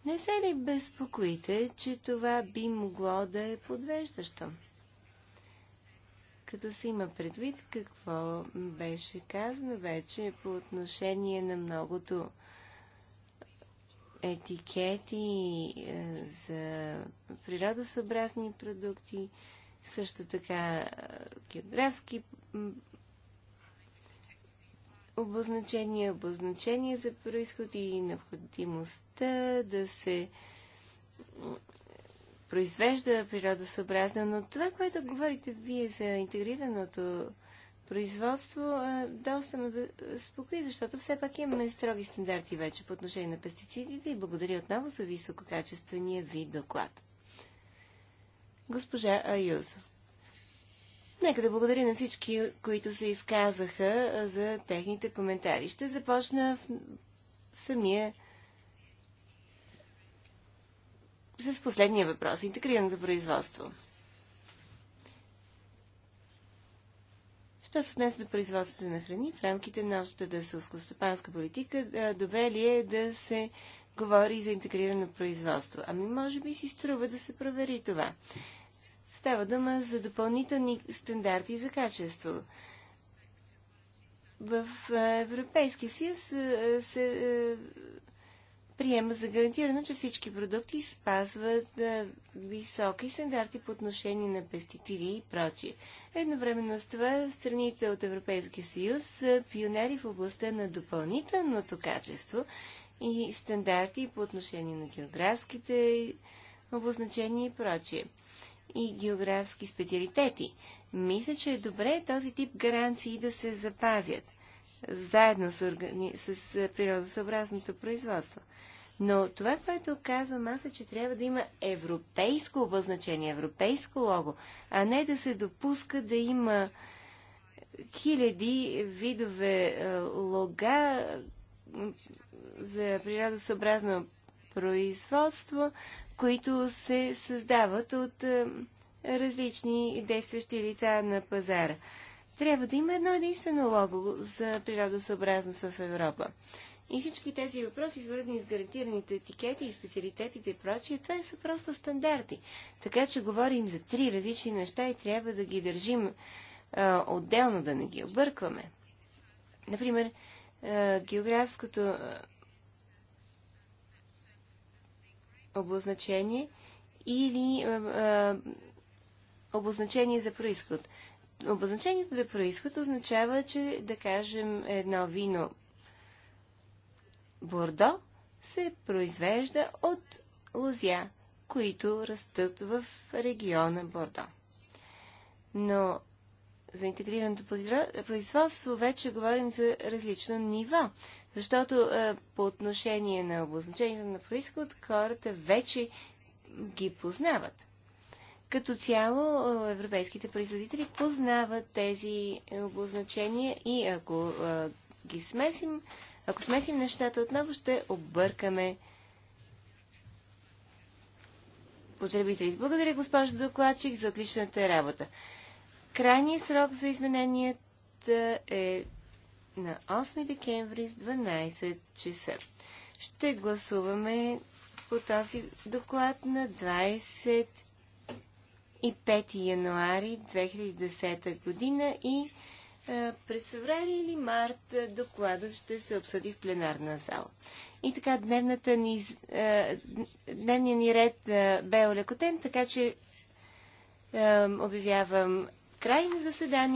Не се ли безпокоите, че това би могло да е подвеждащо? като се има предвид какво беше казано вече по отношение на многото етикети е, за природосъобразни продукти, също така е, географски обозначения, обозначения за происход и необходимостта да се произвежда природосъобразно, но това, което говорите вие за интегрираното производство, е, доста ме спокои, защото все пак имаме строги стандарти вече по отношение на пестицидите и благодаря отново за висококачествения ви доклад. Госпожа Аюзо. Нека да благодаря на всички, които се изказаха за техните коментари. Ще започна в самия с последния въпрос. Интегрираното производство. Що се отнесе до производството на храни в рамките на общата да селскостопанска политика, добре ли е да се говори за интегрирано производство? Ами може би си струва да се провери това. Става дума за допълнителни стандарти за качество. В Европейския съюз се приема за гарантирано, че всички продукти спазват а, високи стандарти по отношение на пестициди и прочие. Едновременно с това страните от Европейския съюз са пионери в областта на допълнителното качество и стандарти по отношение на географските обозначения и прочие и географски специалитети. Мисля, че е добре този тип гаранции да се запазят – заедно с, органи... с е, природосъобразното производство. Но това, което казвам аз е, че трябва да има европейско обозначение, европейско лого, а не да се допуска да има хиляди видове е, лога за природосъобразно производство, които се създават от е, различни действащи лица на пазара. Трябва да има едно единствено лого за природосъобразност в Европа. И всички тези въпроси, свързани с гарантираните етикети и специалитетите и прочие, това са просто стандарти. Така че говорим за три различни неща и трябва да ги държим а, отделно, да не ги объркваме. Например, а, географското а, обозначение или а, а, обозначение за происход обозначението за происход означава, че да кажем едно вино Бордо се произвежда от лузя, които растат в региона Бордо. Но за интегрираното производство вече говорим за различно ниво, защото е, по отношение на обозначението на происход хората вече ги познават. Като цяло е, европейските производители познават тези е, обозначения и ако а, е, ги смесим, ако смесим нещата отново, ще объркаме потребителите. Благодаря, госпожо докладчик, за отличната работа. Крайният срок за измененията е на 8 декември в 12 часа. Ще гласуваме по този доклад на 20 и 5 януари 2010 година и през феврари или март докладът ще се обсъди в пленарна зала. И така дневната ни, дневният ни ред бе олекотен, така че обявявам край на заседанието.